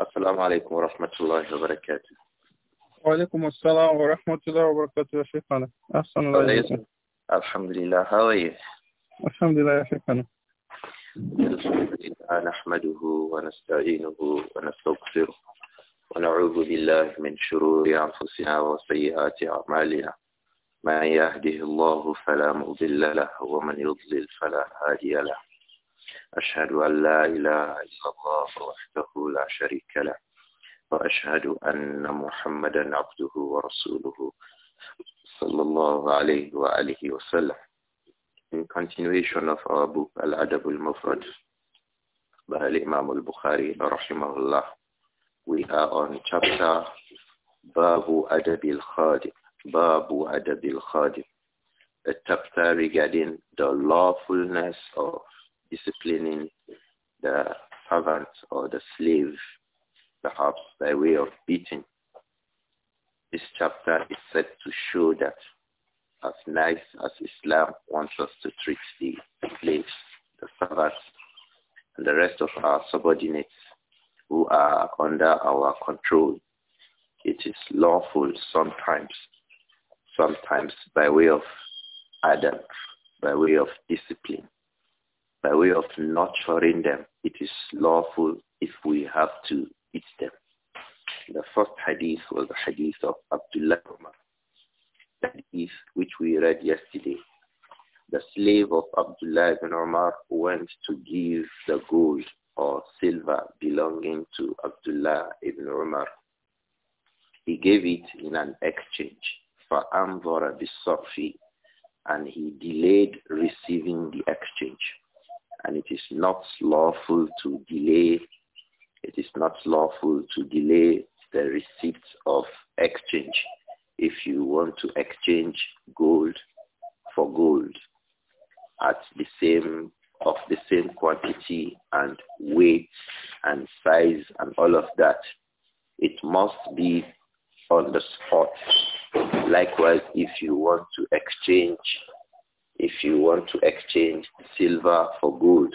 السلام عليكم ورحمة الله وبركاته وعليكم السلام ورحمة الله وبركاته يا شيخنا أحسن الله إليكم الحمد لله how are you الحمد لله يا شيخنا الحمد لله نحمده ونستعينه ونستغفره ونعوذ بالله من شرور أنفسنا وسيئات أعمالنا من يهده الله فلا مضل له ومن يضلل فلا هادي له أشهد أن لا إله إلا الله وحده لا شريك له وأشهد أن محمدا عبده ورسوله صلى الله عليه وآله وسلم In continuation of our book Al-Adab al-Mufrad by Imam al-Bukhari rahimahullah we are on chapter Babu Adab al-Khadim Babu Adab al-Khadim a chapter regarding the lawfulness of disciplining the servant or the slave, perhaps by way of beating. This chapter is set to show that as nice as Islam wants us to treat the slaves, the servants, and the rest of our subordinates who are under our control, it is lawful sometimes, sometimes by way of adab, by way of discipline, by way of nurturing them. It is lawful if we have to eat them. The first hadith was the hadith of Abdullah Umar, that is, which we read yesterday. The slave of Abdullah ibn Umar went to give the gold or silver belonging to Abdullah ibn Umar. He gave it in an exchange for Amvara Bisafi and he delayed receiving the exchange and it is not lawful to delay it is not lawful to delay the receipt of exchange if you want to exchange gold for gold at the same of the same quantity and weight and size and all of that it must be on the spot likewise if you want to exchange if you want to exchange silver for gold,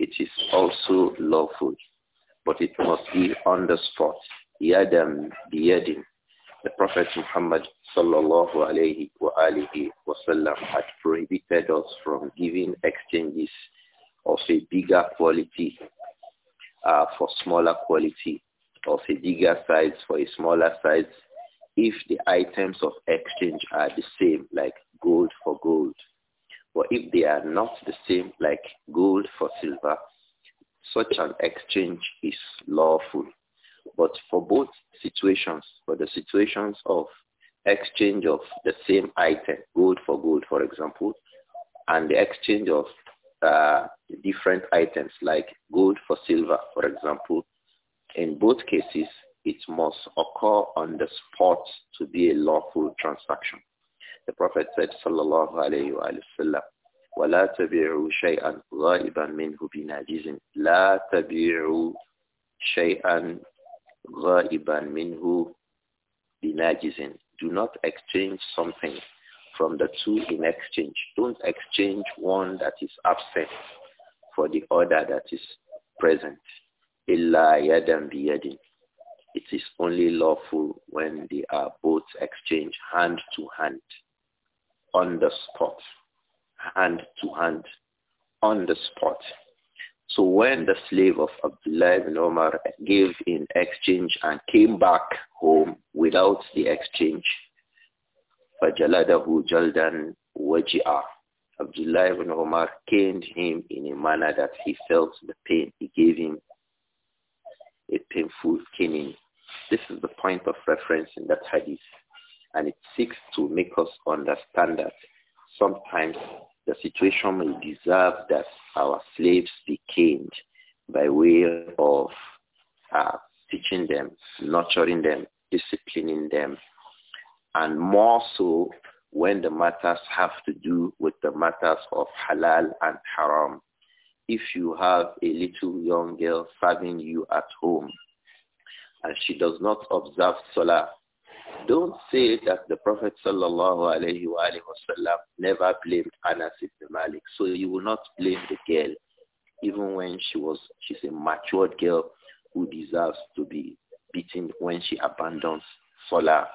it is also lawful, but it must be on the spot. Yadam biyadin. The Prophet Muhammad sallallahu alayhi wa alihi wasallam had prohibited us from giving exchanges of a bigger quality uh, for smaller quality, of a bigger size for a smaller size, if the items of exchange are the same, like gold for gold. But if they are not the same like gold for silver, such an exchange is lawful. But for both situations, for the situations of exchange of the same item, gold for gold, for example, and the exchange of uh, different items like gold for silver, for example, in both cases, it must occur on the spot to be a lawful transaction. The Prophet said, sallallahu alayhi wa وَلَا تَبِعُوا شَيْئًا غَائِبًا مِنْهُ بِنَاجِزٍ لَا تَبِعُوا شَيْئًا غَائِبًا مِنْهُ بِنَاجِزٍ Do not exchange something from the two in exchange. Don't exchange one that is absent for the other that is present. إِلَّا يَدًا بِيَدٍ It is only lawful when they are both exchanged hand to hand on the spot, hand to hand, on the spot. So when the slave of Abdullah ibn Omar gave in exchange and came back home without the exchange, فَجَلَدَهُ جَلْدًا وَجِعًا Abdullah ibn Omar caned him in a manner that he felt the pain. He gave him a painful caning. This is the point of reference in that hadith. And it seeks to make us understand that sometimes the situation may deserve that our slaves be caned by way of uh, teaching them, nurturing them, disciplining them, and more so when the matters have to do with the matters of halal and haram. If you have a little young girl serving you at home and she does not observe Salah, don't say that the Prophet sallallahu alayhi wa sallam never blamed Anas ibn Malik. So you will not blame the girl, even when she was, she's a matured girl who deserves to be beaten when she abandons Salah.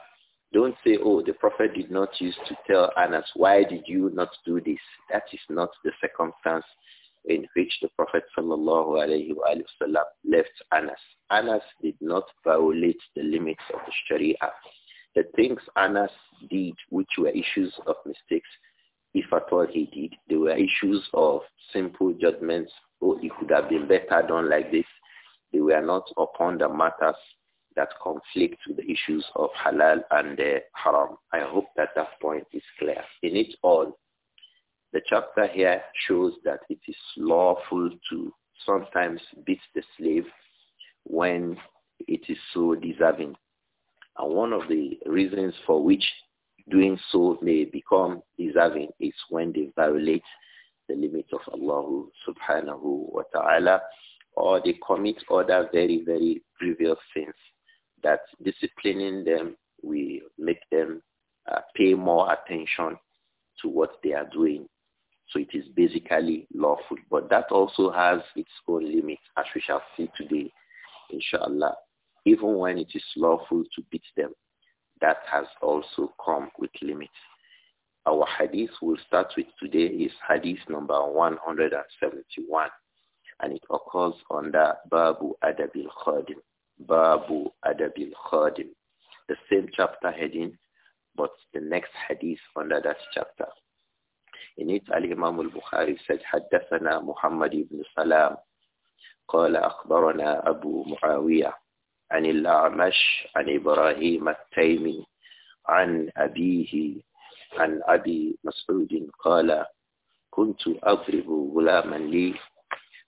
Don't say, oh, the Prophet did not use to tell Anas, why did you not do this? That is not the circumstance in which the Prophet sallallahu alayhi wa sallam left Anas. Anas did not violate the limits of the Sharia. The things Anas did, which were issues of mistakes, if at all he did, they were issues of simple judgments. Oh, it could have been better done like this. They were not upon the matters that conflict with the issues of halal and haram. I hope that that point is clear. In it all, the chapter here shows that it is lawful to sometimes beat the slave when it is so deserving. And one of the reasons for which doing so may become deserving is when they violate the limits of Allah subhanahu wa ta'ala or they commit other very, very grievous sins that disciplining them will make them uh, pay more attention to what they are doing. So it is basically lawful. But that also has its own limits, as we shall see today, inshallah even when it is lawful to beat them. That has also come with limits. Our hadith we'll start with today is hadith number 171 and it occurs under Babu Adabil Khadim. Babu Adabil Khadim. The same chapter heading, but the next hadith under that chapter. In it, Al-Imam al-Bukhari said, حدثنا محمد بن سلام قال أخبرنا أبو معاوية عن الأعمش عن إبراهيم التيمي عن أبيه عن أبي مسعود قال كنت أضرب غلاما لي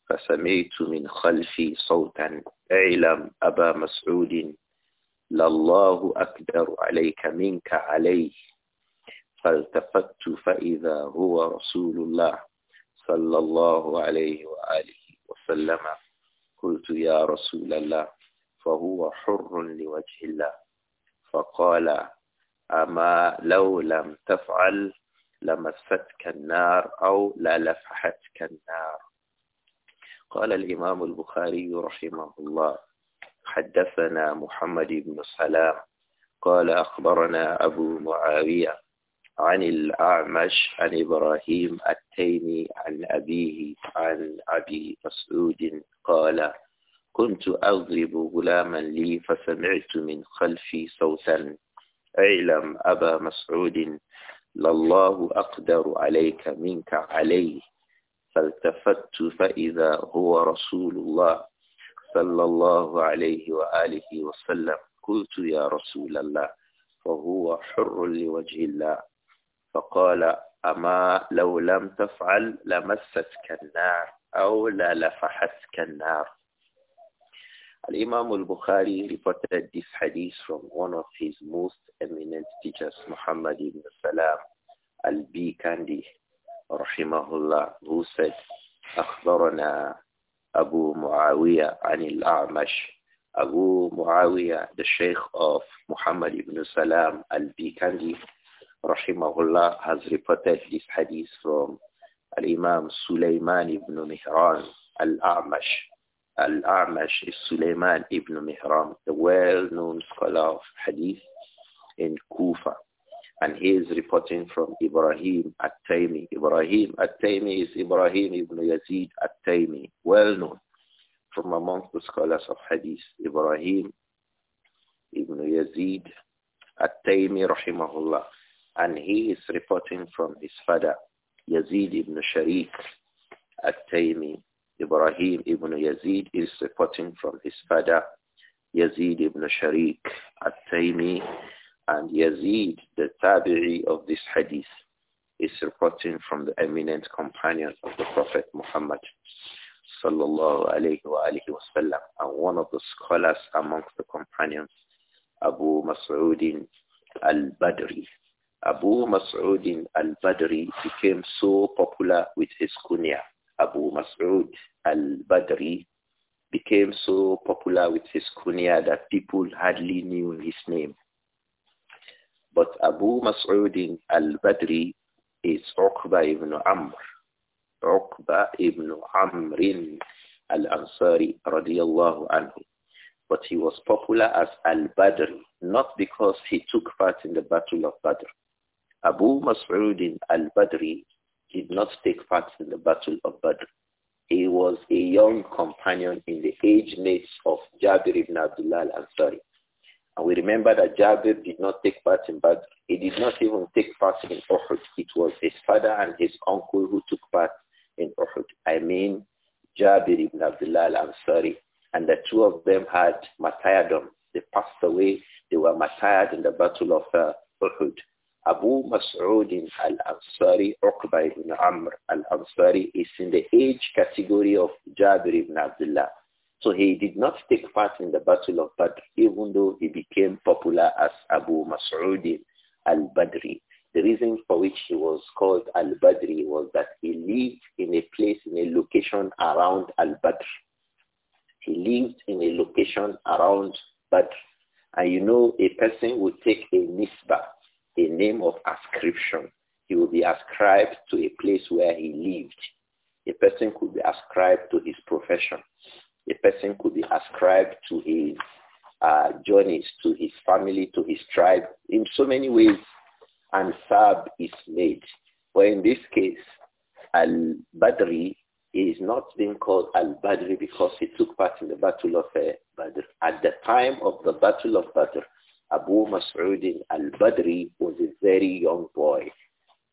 فسمعت من خلفي صوتا اعلم أبا مسعود لله أكبر عليك منك عليه فالتفت فإذا هو رسول الله صلى الله عليه وآله وسلم قلت يا رسول الله فهو حر لوجه الله فقال أما لو لم تفعل لمستك النار أو للفحتك النار قال الإمام البخاري رحمه الله حدثنا محمد بن سلام قال أخبرنا أبو معاوية عن الأعمش عن إبراهيم التيمي عن أبيه عن أبي مسعود قال كنت أضرب غلاما لي فسمعت من خلفي صوتا اعلم أبا مسعود لله أقدر عليك منك عليه فالتفت فإذا هو رسول الله صلى الله عليه وآله وسلم قلت يا رسول الله فهو حر لوجه الله فقال أما لو لم تفعل لمستك النار أو للفحتك النار Al-Imam al-Bukhari reported this hadith from one of his most eminent teachers, Muhammad ibn Salam al-Bikandi, rahimahullah, who said, أخبرنا أبو معاوية عن الأعمش Abu Muawiyah, the Sheikh of Muhammad ibn Salam al-Bikandi, rahimahullah, has reported this hadith from Al-Imam Sulaiman ibn Mihran al-A'mash, Al-A'mash Suleiman ibn Mihram, the well-known scholar of Hadith in Kufa. And he is reporting from Ibrahim At-Taymi. Ibrahim At-Taymi is Ibrahim ibn Yazid At-Taymi, well-known from among the scholars of Hadith. Ibrahim ibn Yazid At-Taymi rahimahullah. And he is reporting from his father, Yazid ibn Sharif At-Taymi Ibrahim ibn Yazid is reporting from his father, Yazid ibn Sharik at-Taymi, and Yazid, the tabi'i of this hadith, is reporting from the eminent companion of the Prophet Muhammad sallallahu alayhi wa alihi wasallam, and one of the scholars amongst the companions, Abu Mas'udin al-Badri. Abu Mas'udin al-Badri became so popular with his kunya Abu Mas'ud al-Badri became so popular with his kunya that people hardly knew his name. But Abu Mas'ud al-Badri is Uqba ibn Amr. Uqba ibn Amr al-Ansari radiyallahu anhu. But he was popular as al-Badr, not because he took part in the Battle of Badr. Abu Mas'ud al-Badri did not take part in the Battle of Badr. He was a young companion in the age mates of Jabir ibn Abdullah al-Ansari. And we remember that Jabir did not take part in Badr. He did not even take part in Uhud. It was his father and his uncle who took part in Uhud. I mean Jabir ibn Abdullah al-Ansari. And the two of them had martyrdom. They passed away. They were martyred in the Battle of uh, Uhud. Abu Mas'ud al-Ansari, Uqba ibn Amr al-Ansari is in the age category of Jabir ibn Abdullah. So he did not take part in the Battle of Badr, even though he became popular as Abu Mas'ud al-Badri. The reason for which he was called al-Badri was that he lived in a place, in a location around al-Badr. He lived in a location around Badr. And you know, a person would take a nisbah a name of ascription. He will be ascribed to a place where he lived. A person could be ascribed to his profession. A person could be ascribed to his uh, journeys, to his family, to his tribe. In so many ways, and sab is made. But in this case, al-Badri is not being called al-Badri because he took part in the battle of uh, Badr. At the time of the battle of Badr, Abu Mas'ud al-Badri was a very young boy.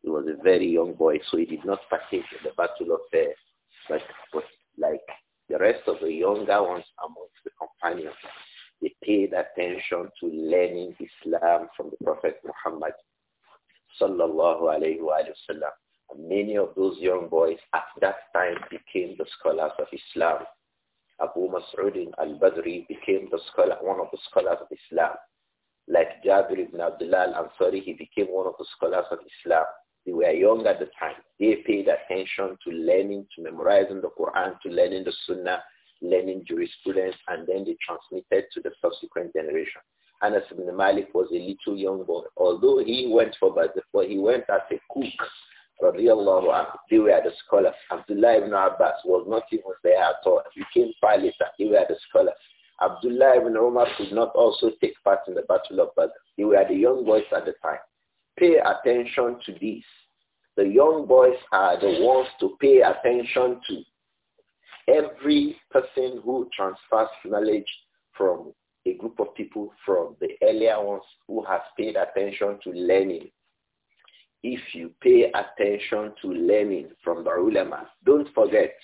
He was a very young boy, so he did not partake in the Battle of uh, but, like the rest of the younger ones amongst the companions, they paid attention to learning Islam from the Prophet Muhammad sallallahu alayhi wa sallam. And many of those young boys at that time became the scholars of Islam. Abu Mas'ud al-Badri became the scholar, one of the scholars of Islam like Jabir ibn Abdullah al-Ansari, he became one of the scholars of Islam. They were young at the time. They paid attention to learning, to memorizing the Quran, to learning the Sunnah, learning jurisprudence, and then they transmitted to the subsequent generation. Anas ibn Malik was a little young boy. Although he went for before he went as a cook, radiallahu anhu, they were the scholars. Abdullah ibn Abbas was not even there at all. He came far later. They were the scholars. Abdullah ibn Omar could not also take part in the Battle of Badr. They were the young boys at the time. Pay attention to this. The young boys are the ones to pay attention to. Every person who transfers knowledge from a group of people from the earlier ones who has paid attention to learning. If you pay attention to learning from the ulama, don't forget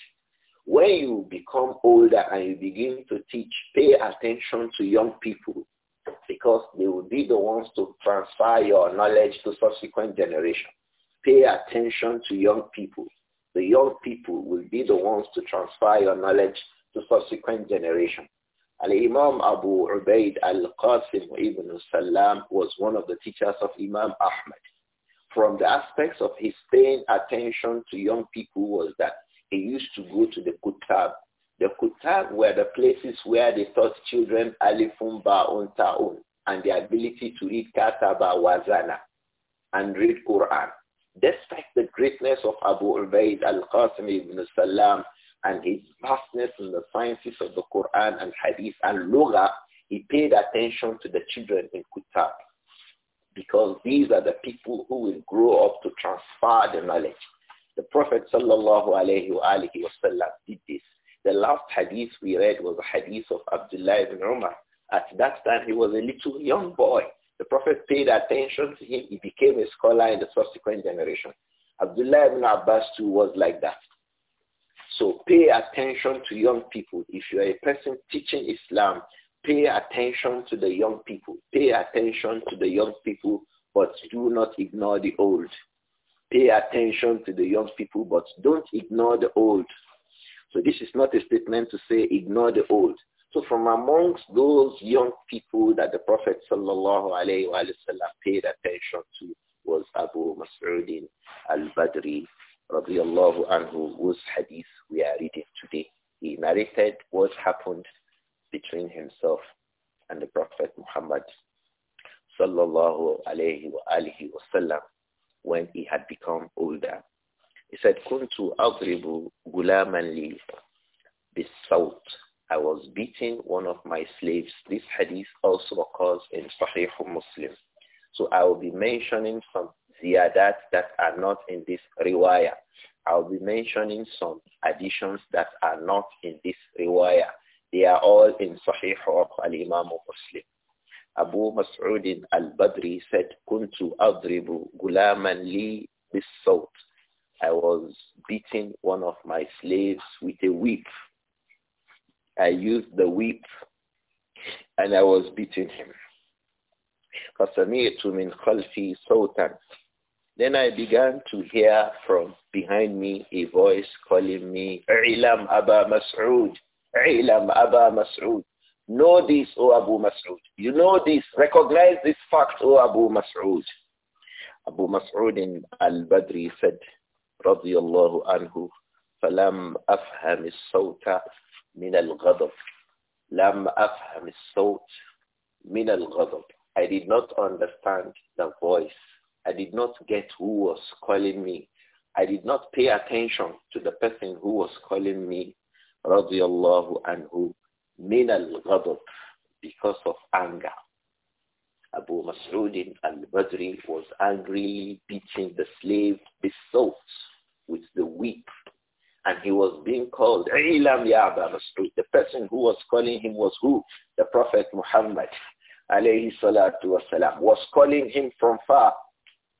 when you become older and you begin to teach, pay attention to young people because they will be the ones to transfer your knowledge to subsequent generations. Pay attention to young people. The young people will be the ones to transfer your knowledge to subsequent generations. Al-Imam Abu Ubaid al-Qasim ibn Salam was one of the teachers of Imam Ahmad. From the aspects of his paying attention to young people was that they used to go to the Kutab. The Kutab were the places where they taught children Alifun Ba'un Ta'un and the ability to read Kataba Wazana and read Quran. Despite the greatness of Abu Ubaid al-Qasim ibn Salam and his vastness in the sciences of the Quran and Hadith and Lugha, he paid attention to the children in Kutab because these are the people who will grow up to transfer the knowledge. The Prophet sallallahu alayhi wa alihi wasallam did this. The last hadith we read was a hadith of Abdullah ibn Umar. At that time, he was a little young boy. The Prophet paid attention to him. He became a scholar in the subsequent generation. Abdullah ibn Abbas too was like that. So pay attention to young people. If you are a person teaching Islam, pay attention to the young people. Pay attention to the young people, but do not ignore the old. Pay attention to the young people, but don't ignore the old. So this is not a statement to say ignore the old. So from amongst those young people that the Prophet sallallahu paid attention to was Abu Mas'udin al-Badri radiallahu anhu, whose hadith we are reading today. He narrated what happened between himself and the Prophet Muhammad sallallahu alayhi wa alihi wasallam when he had become older. He said, Kuntu Agribu Gulaman Li I was beating one of my slaves. This hadith also occurs in Sahih Muslim. So I will be mentioning some ziyadat that are not in this riwayah. I'll be mentioning some additions that are not in this riwayah. They are all in Sahih of Al-Imam Muslim. Abu Mas'ud al-Badri said, Kuntu adribu gulaman li bisawt. I was beating one of my slaves with a whip. I used the whip and I was beating him. فَسَمِعْتُ مِنْ خَلْفِي صَوْتًا Then I began to hear from behind me a voice calling me, عِلَمْ أَبَا مَسْعُودٍ عِلَمْ أَبَا مَسْعُودٍ Know this, O Abu Mas'ud. You know this. Recognize this fact, O Abu Mas'ud. Abu Mas'ud al-Badri said, رضي الله عنه, فلم أفهم الصوت من الغضب. لم أفهم الصوت من الغضب. I did not understand the voice. I did not get who was calling me. I did not pay attention to the person who was calling me, الله anhu, min al-ghadab, because of anger. Abu Mas'ud al-Badri was angrily beating the slave Bisawt with the whip. And he was being called Ilam ya Abu Mas'ud. The person who was calling him was who? The Prophet Muhammad alayhi salatu wasalam, was calling him from far.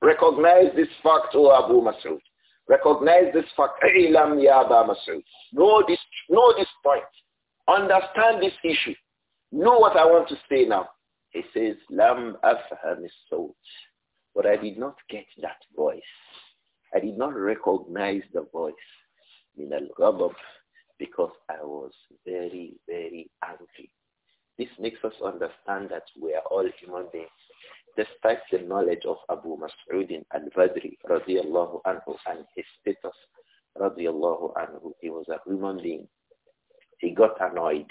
Recognize this fact, O Abu Mas'ud. Recognize this fact. Ilam ya Abu Mas'ud. Know this, know this point. Understand this issue. Know what I want to say now. He says, Lam afham sawt. But I did not get that voice. I did not recognize the voice. Min al because I was very, very angry. This makes us understand that we are all human beings. Despite the knowledge of Abu Mas'ud al-Badri radiallahu anhu and his status radiallahu anhu, he was a human being. He got annoyed.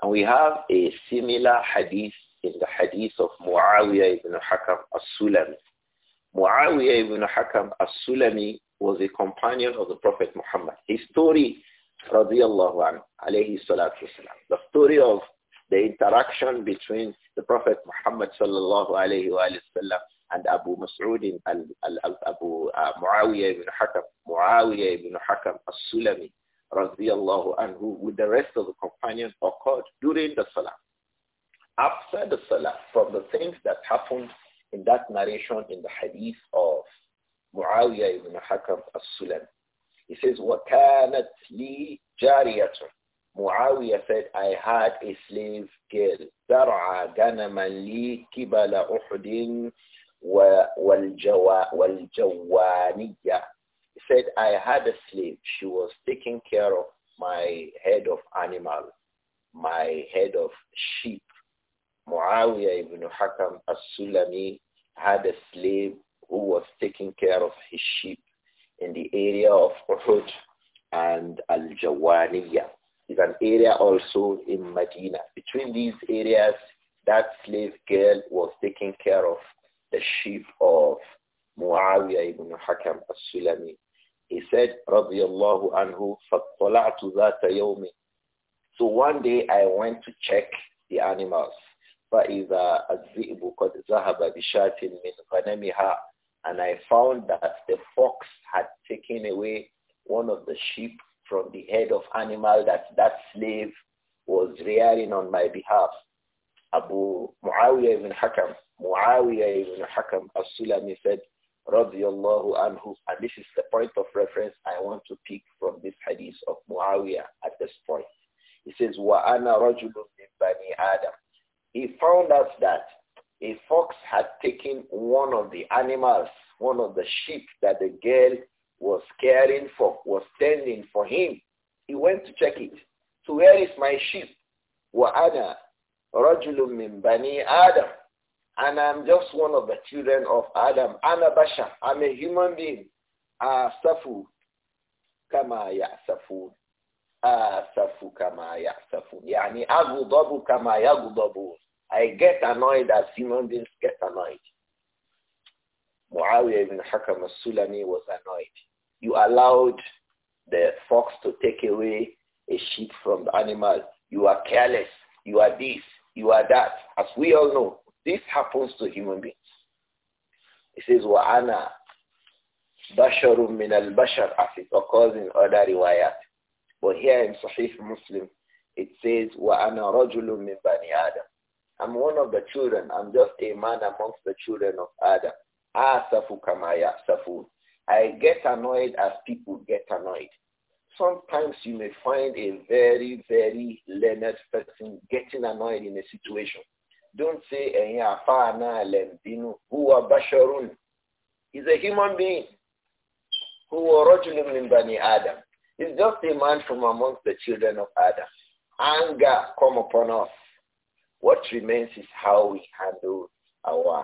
And we have a similar hadith in the hadith of Muawiyah ibn Hakam as-Sulami. Muawiyah ibn Hakam as-Sulami was a companion of the Prophet Muhammad. His story, radiallahu anhu, salatu wasalam, the story of the interaction between the Prophet Muhammad sallallahu alayhi wa sallam and Abu Mas'ud al, al, al, Abu uh, Muawiyah ibn Hakam, Muawiyah ibn Hakam as-Sulami radiallahu anhu with the rest of the companions occurred during the salah. After the salah, from the things that happened in that narration in the hadith of Muawiyah ibn Hakam as-Sulam, he says, وَكَانَتْ لِي جَارِيَةٌ Muawiyah said, I had a slave girl. زَرْعَ غَنَمًا لِي كِبَلَ أُحْدٍ وَالْجَوَانِيَّةٍ said, I had a slave. She was taking care of my head of animal, my head of sheep. Muawiyah ibn Hakam as-Sulami had a slave who was taking care of his sheep in the area of Uhud and Al-Jawaniyah. It's an area also in Medina. Between these areas, that slave girl was taking care of the sheep of Muawiyah ibn Hakam as-Sulami. He said, radiyallahu anhu, فَطَلَعْتُ ذَاتَ يَوْمٍ So one day I went to check the animals. فَإِذَا الذِّئْبُ قَدْ ذَهَبَ بِشَاتٍ مِّنْ غَنَمِهَا And I found that the fox had taken away one of the sheep from the head of animal that that slave was rearing on my behalf. Abu Muawiyah ibn Hakam, Muawiyah ibn Hakam al-Sulami said, radiallahu anhu. And this is the point of reference I want to pick from this hadith of Muawiyah at this point. He says, وَأَنَا رَجُلٌ مِنْ بَنِي Adam. He found out that a fox had taken one of the animals, one of the sheep that the girl was caring for, was tending for him. He went to check it. So where is my sheep? وَأَنَا رَجُلٌ مِنْ بَنِي آدَمٍ and I'm just one of the children of Adam. i bashar. I'm a human being. Asafu kama ya'safun. Asafu kama ya'safun. Yani agudabu kama yagudabun. I get annoyed as human beings get annoyed. Muawiyah ibn Hakam al-Sulami was annoyed. You allowed the fox to take away a sheep from the animal. You are careless. You are this. You are that. As we all know, this happens to human beings. It says, وَأَنَا بَشَرٌ مِنَ الْبَشَرِ as it occurs in other riwayat. But here in Sahih Muslim, it says, وَأَنَا رَجُلٌ مِنْ بَنِي آدَمَ I'm one of the children. I'm just a man amongst the children of Adam. آسَفُ كَمَا asafu. I get annoyed as people get annoyed. Sometimes you may find a very, very learned person getting annoyed in a situation. Don't say ẹ̀yin eh, àfáà are lẹ̀ ń who Huwa basharun. He's a human being. who originated min bani Adam. He's just a man from amongst the children of Adam. Anger come upon us. What remains is how we handle our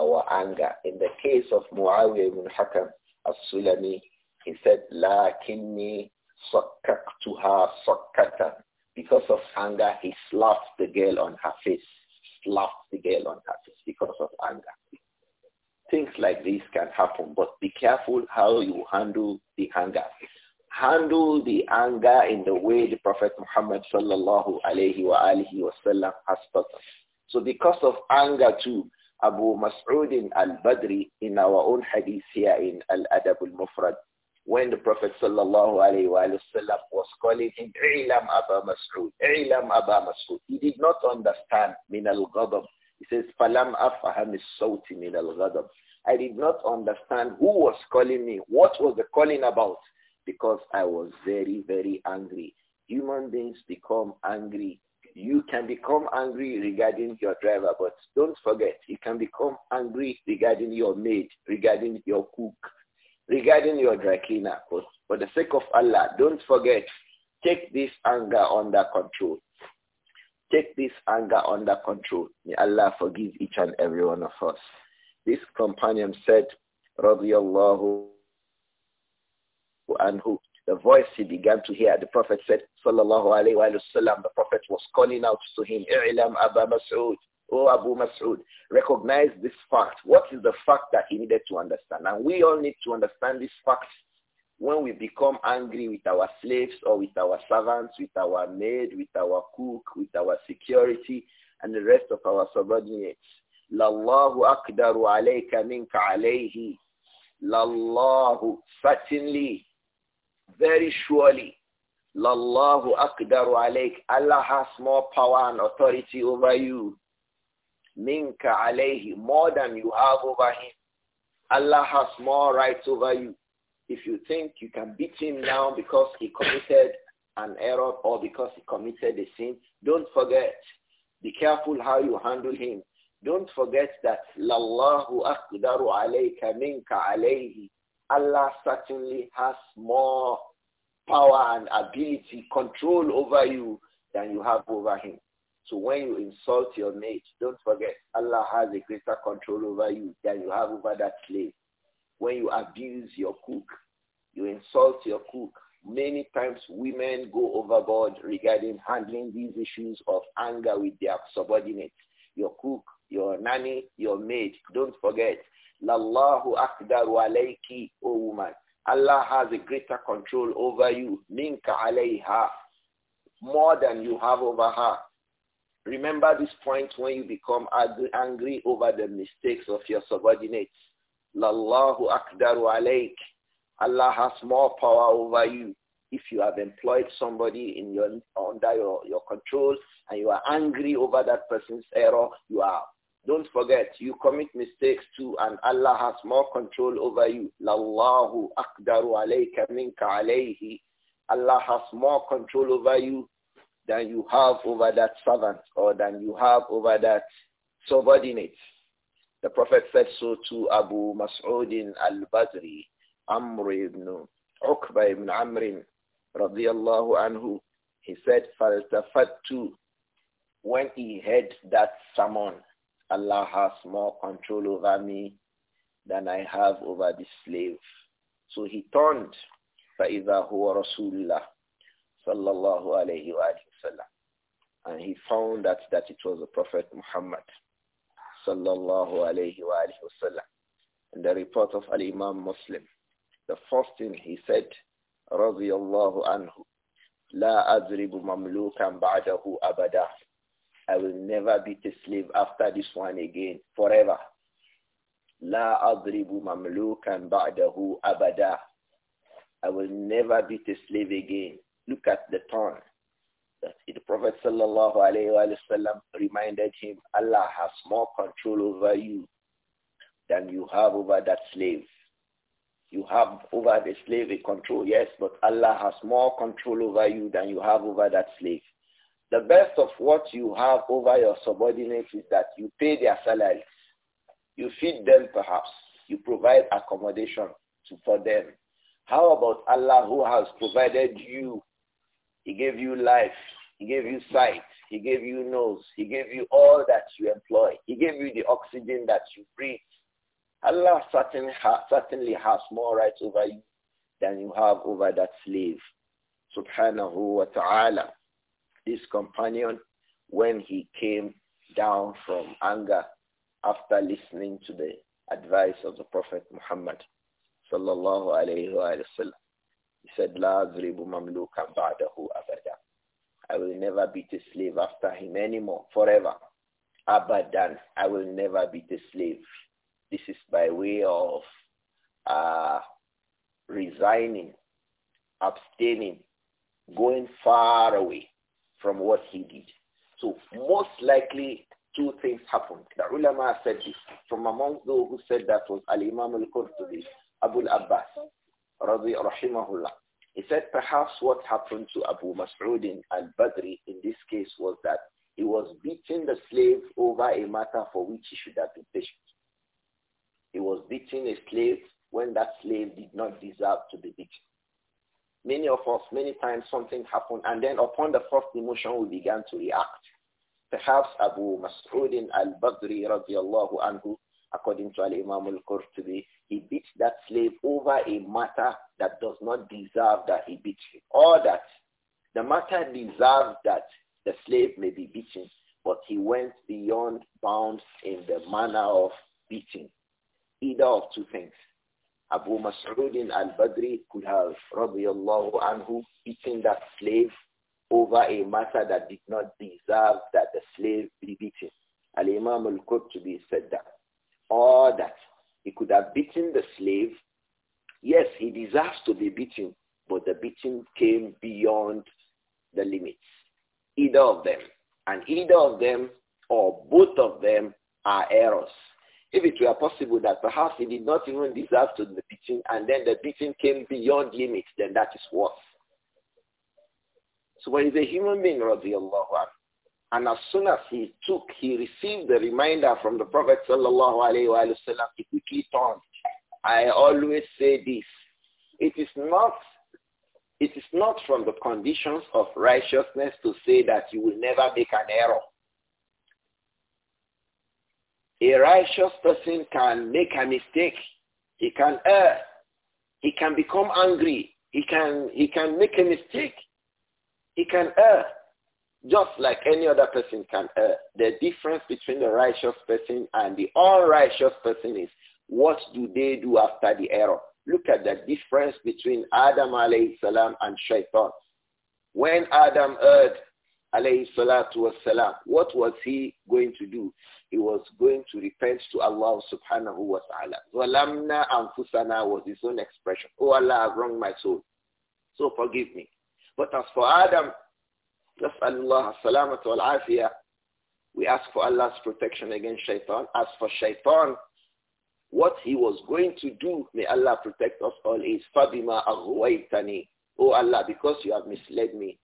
our anger. In the case of Muawiyah ibn Hakam al-Sulami, he said, لَكِنِّي سَكَّكْتُهَا سَكَّةً Because of anger, he slapped the girl on her face slapped the girl on her face because of anger. Things like this can happen, but be careful how you handle the anger. Handle the anger in the way the Prophet Muhammad sallallahu alayhi wa alihi wasallam has taught us. So because of anger too, Abu Mas'ud al-Badri in our own hadith here in Al-Adab al-Mufrad, when the Prophet sallallahu alaihi wasallam was calling him Ilam Aba Mas'ud, Ilam Aba Mas'ud, he did not understand min al ghadab. He says Falam afaham is min al ghadab. I did not understand who was calling me, what was the calling about, because I was very very angry. Human beings become angry. You can become angry regarding your driver, but don't forget, you can become angry regarding your maid, regarding your cook, regarding your dry cleaner. for the sake of Allah, don't forget, take this anger under control. Take this anger under control. May Allah forgive each and every one of us. This companion said, Radiallahu anhu. The voice he began to hear, the Prophet said, Sallallahu alayhi wa sallam, the Prophet was calling out to him, I'lam Aba Mas'ud, Oh, Abu Mas'ud, recognize this fact. What is the fact that he needed to understand? And we all need to understand this fact when we become angry with our slaves or with our servants, with our maid, with our cook, with our security, and the rest of our subordinates. Lallahu akdaru alayka minka alayhi. Lallahu, certainly, very surely. Lallahu akdaru alayk. Allah has more power and authority over you minka alayhi, more than you have over him. Allah has more rights over you. If you think you can beat him now because he committed an error or because he committed a sin, don't forget. Be careful how you handle him. Don't forget that Lallahu akdaru alayka minka alayhi. Allah certainly has more power and ability, control over you than you have over him. So when you insult your mate, don't forget Allah has a greater control over you than you have over that slave. When you abuse your cook, you insult your cook. Many times women go overboard regarding handling these issues of anger with their subordinates. Your cook, your nanny, your maid. Don't forget, Lallahu akdaru alayki, O woman. Allah has a greater control over you, minka alayha, more than you have over her. Remember this point when you become angry over the mistakes of your subordinates. Lallahu akdaru alayk. Allah has more power over you. If you have employed somebody in your, under your, your control and you are angry over that person's error, you are. Don't forget, you commit mistakes too and Allah has more control over you. Lallahu akdaru alayka minka alayhi. Allah has more control over you than you have over that servant or than you have over that subordinate. The Prophet said so to Abu Mas'udin al-Badri, Amr ibn Uqba ibn Amr radiallahu anhu. He said, فَالْتَفَتْتُ When he heard that sermon, Allah has more control over me than I have over the slave. So he turned, فَإِذَا هُوَ رَسُولُ sallallahu alayhi wa sallam. And he found that that it was the Prophet Muhammad sallallahu alayhi wa sallam. In the report of Al-Imam Muslim, the first thing he said, radiyallahu anhu, la adribu mamlukan ba'dahu abada. I will never be a slave after this one again, forever. La adribu mamlukan ba'dahu abada. I will never be a slave again Look at the time that the Prophet sallallahu alayhi wa reminded him, Allah has more control over you than you have over that slave. You have over the slave a control, yes, but Allah has more control over you than you have over that slave. The best of what you have over your subordinates is that you pay their salaries. You feed them perhaps. You provide accommodation for them. How about Allah who has provided you he gave you life. He gave you sight. He gave you nose. He gave you all that you employ. He gave you the oxygen that you breathe. Allah certainly has more rights over you than you have over that slave. Subhanahu wa ta'ala. This companion, when he came down from anger after listening to the advice of the Prophet Muhammad sallallahu alayhi wa sallam, he said, La Zribu Mamlukan Ba'dahu Abada. I will never be a slave after him anymore, forever. Abadan, I will never be a slave. This is by way of uh, resigning, abstaining, going far away from what he did. So most likely two things happened. The ulama said this. From among those who said that was Al-Imam al-Qurtubi, Abu al-Abbas rahimahullah. He said perhaps what happened to Abu Mas'ud al-Badri in this case was that he was beating the slave over a matter for which he should have been patient. He was beating a slave when that slave did not deserve to be beaten. Many of us, many times something happened and then upon the first emotion we began to react. Perhaps Abu Mas'ud al-Badri radiallahu anhu according to Al-Imam Al-Qurtubi, he beat that slave over a matter that does not deserve that he beat him, or that the matter deserves that the slave may be beaten, but he went beyond bounds in the manner of beating. Either of two things. Abu Mas'ud al-Badri could have, radiallahu anhu, beaten that slave over a matter that did not deserve that the slave be beaten. Al-Imam al-Qurtubi said that. Or that he could have beaten the slave. Yes, he deserves to be beaten, but the beating came beyond the limits. Either of them. And either of them or both of them are errors. If it were possible that perhaps he did not even deserve to be beaten and then the beating came beyond limits, then that is worse. So when he's a human being, radiallahu anh, and as soon as he took, he received the reminder from the Prophet sallallahu alaihi wasallam. He quickly turned. I always say this: it is not, it is not from the conditions of righteousness to say that you will never make an error. A righteous person can make a mistake. He can err. He can become angry. He can, he can make a mistake. He can err just like any other person can err. The difference between the righteous person and the unrighteous person is what do they do after the error? Look at the difference between Adam alayhi salam and shaitan. When Adam heard alayhi salatu was salam, what was he going to do? He was going to repent to Allah subhanahu wa ta'ala. Zalamna anfusana was his own expression. Oh Allah, I've wronged my soul. So forgive me. But as for Adam, نسأل الله السلامة والعافية we ask for Allah's protection against shaitan as for shaitan what he was going to do may Allah protect us all is فَبِمَا أَغْوَيْتَنِي Oh Allah because you have misled me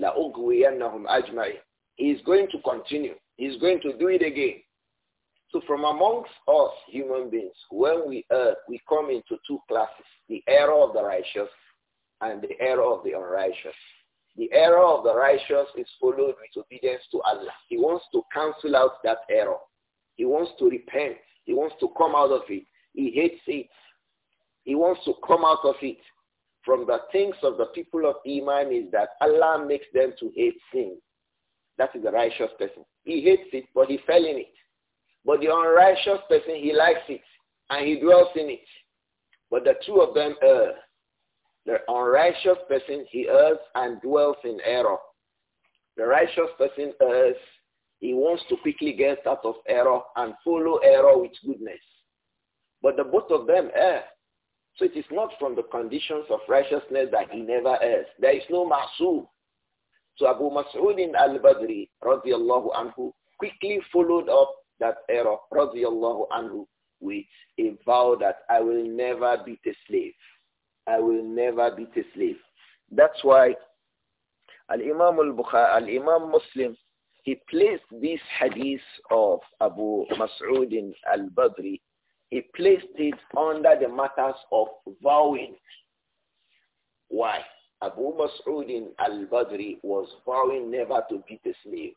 لَأُغْوِيَنَّهُمْ He is going to continue he is going to do it again so from amongst us human beings, when we err, uh, we come into two classes, the error of the righteous and the error of the unrighteous. The error of the righteous is followed with obedience to Allah. He wants to cancel out that error. He wants to repent. He wants to come out of it. He hates it. He wants to come out of it. From the things of the people of Iman is that Allah makes them to hate sin. That is the righteous person. He hates it, but he fell in it. But the unrighteous person, he likes it, and he dwells in it. But the two of them err. Uh, the unrighteous person, he errs and dwells in error. The righteous person errs. He wants to quickly get out of error and follow error with goodness. But the both of them err. So it is not from the conditions of righteousness that he never errs. There is no ma'soom. So Abu Mas'ud in al-Badri, radiallahu anhu, quickly followed up that error, radiallahu anhu, with a vow that I will never be a slave. I will never beat a slave. That's why Al-Imam al-Bukhari, Al-Imam Muslim, he placed this hadith of Abu Mas'ud al-Badri, he placed it under the matters of vowing. Why? Abu Mas'ud al-Badri was vowing never to beat a slave.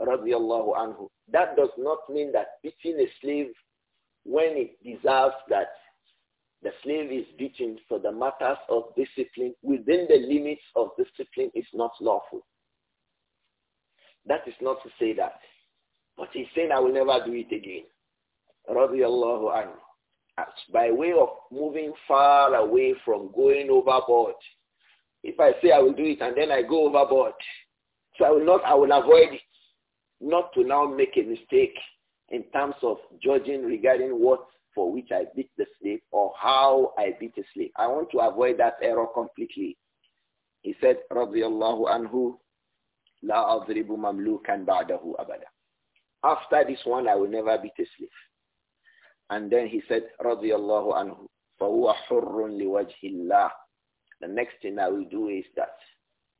Radiallahu anhu. That does not mean that beating a slave when it deserves that the slave is beaten for the matters of discipline within the limits of discipline is not lawful. That is not to say that. But he's saying, I will never do it again. Radiallahu anhu. By way of moving far away from going overboard. If I say I will do it and then I go overboard, so I will not, I will avoid it. Not to now make a mistake in terms of judging regarding what for which I beat the slave or how I beat a slave. I want to avoid that error completely. He said, اللَّهُ anhu, لا adribu مَمْلُوكًا بَعْدَهُ أَبَداً. After this one, I will never beat a slave. And then he said, radiyallahu anhu, فَهُوَ حُرٌّ لِوَجْهِ اللَّهِ The next thing I will do is that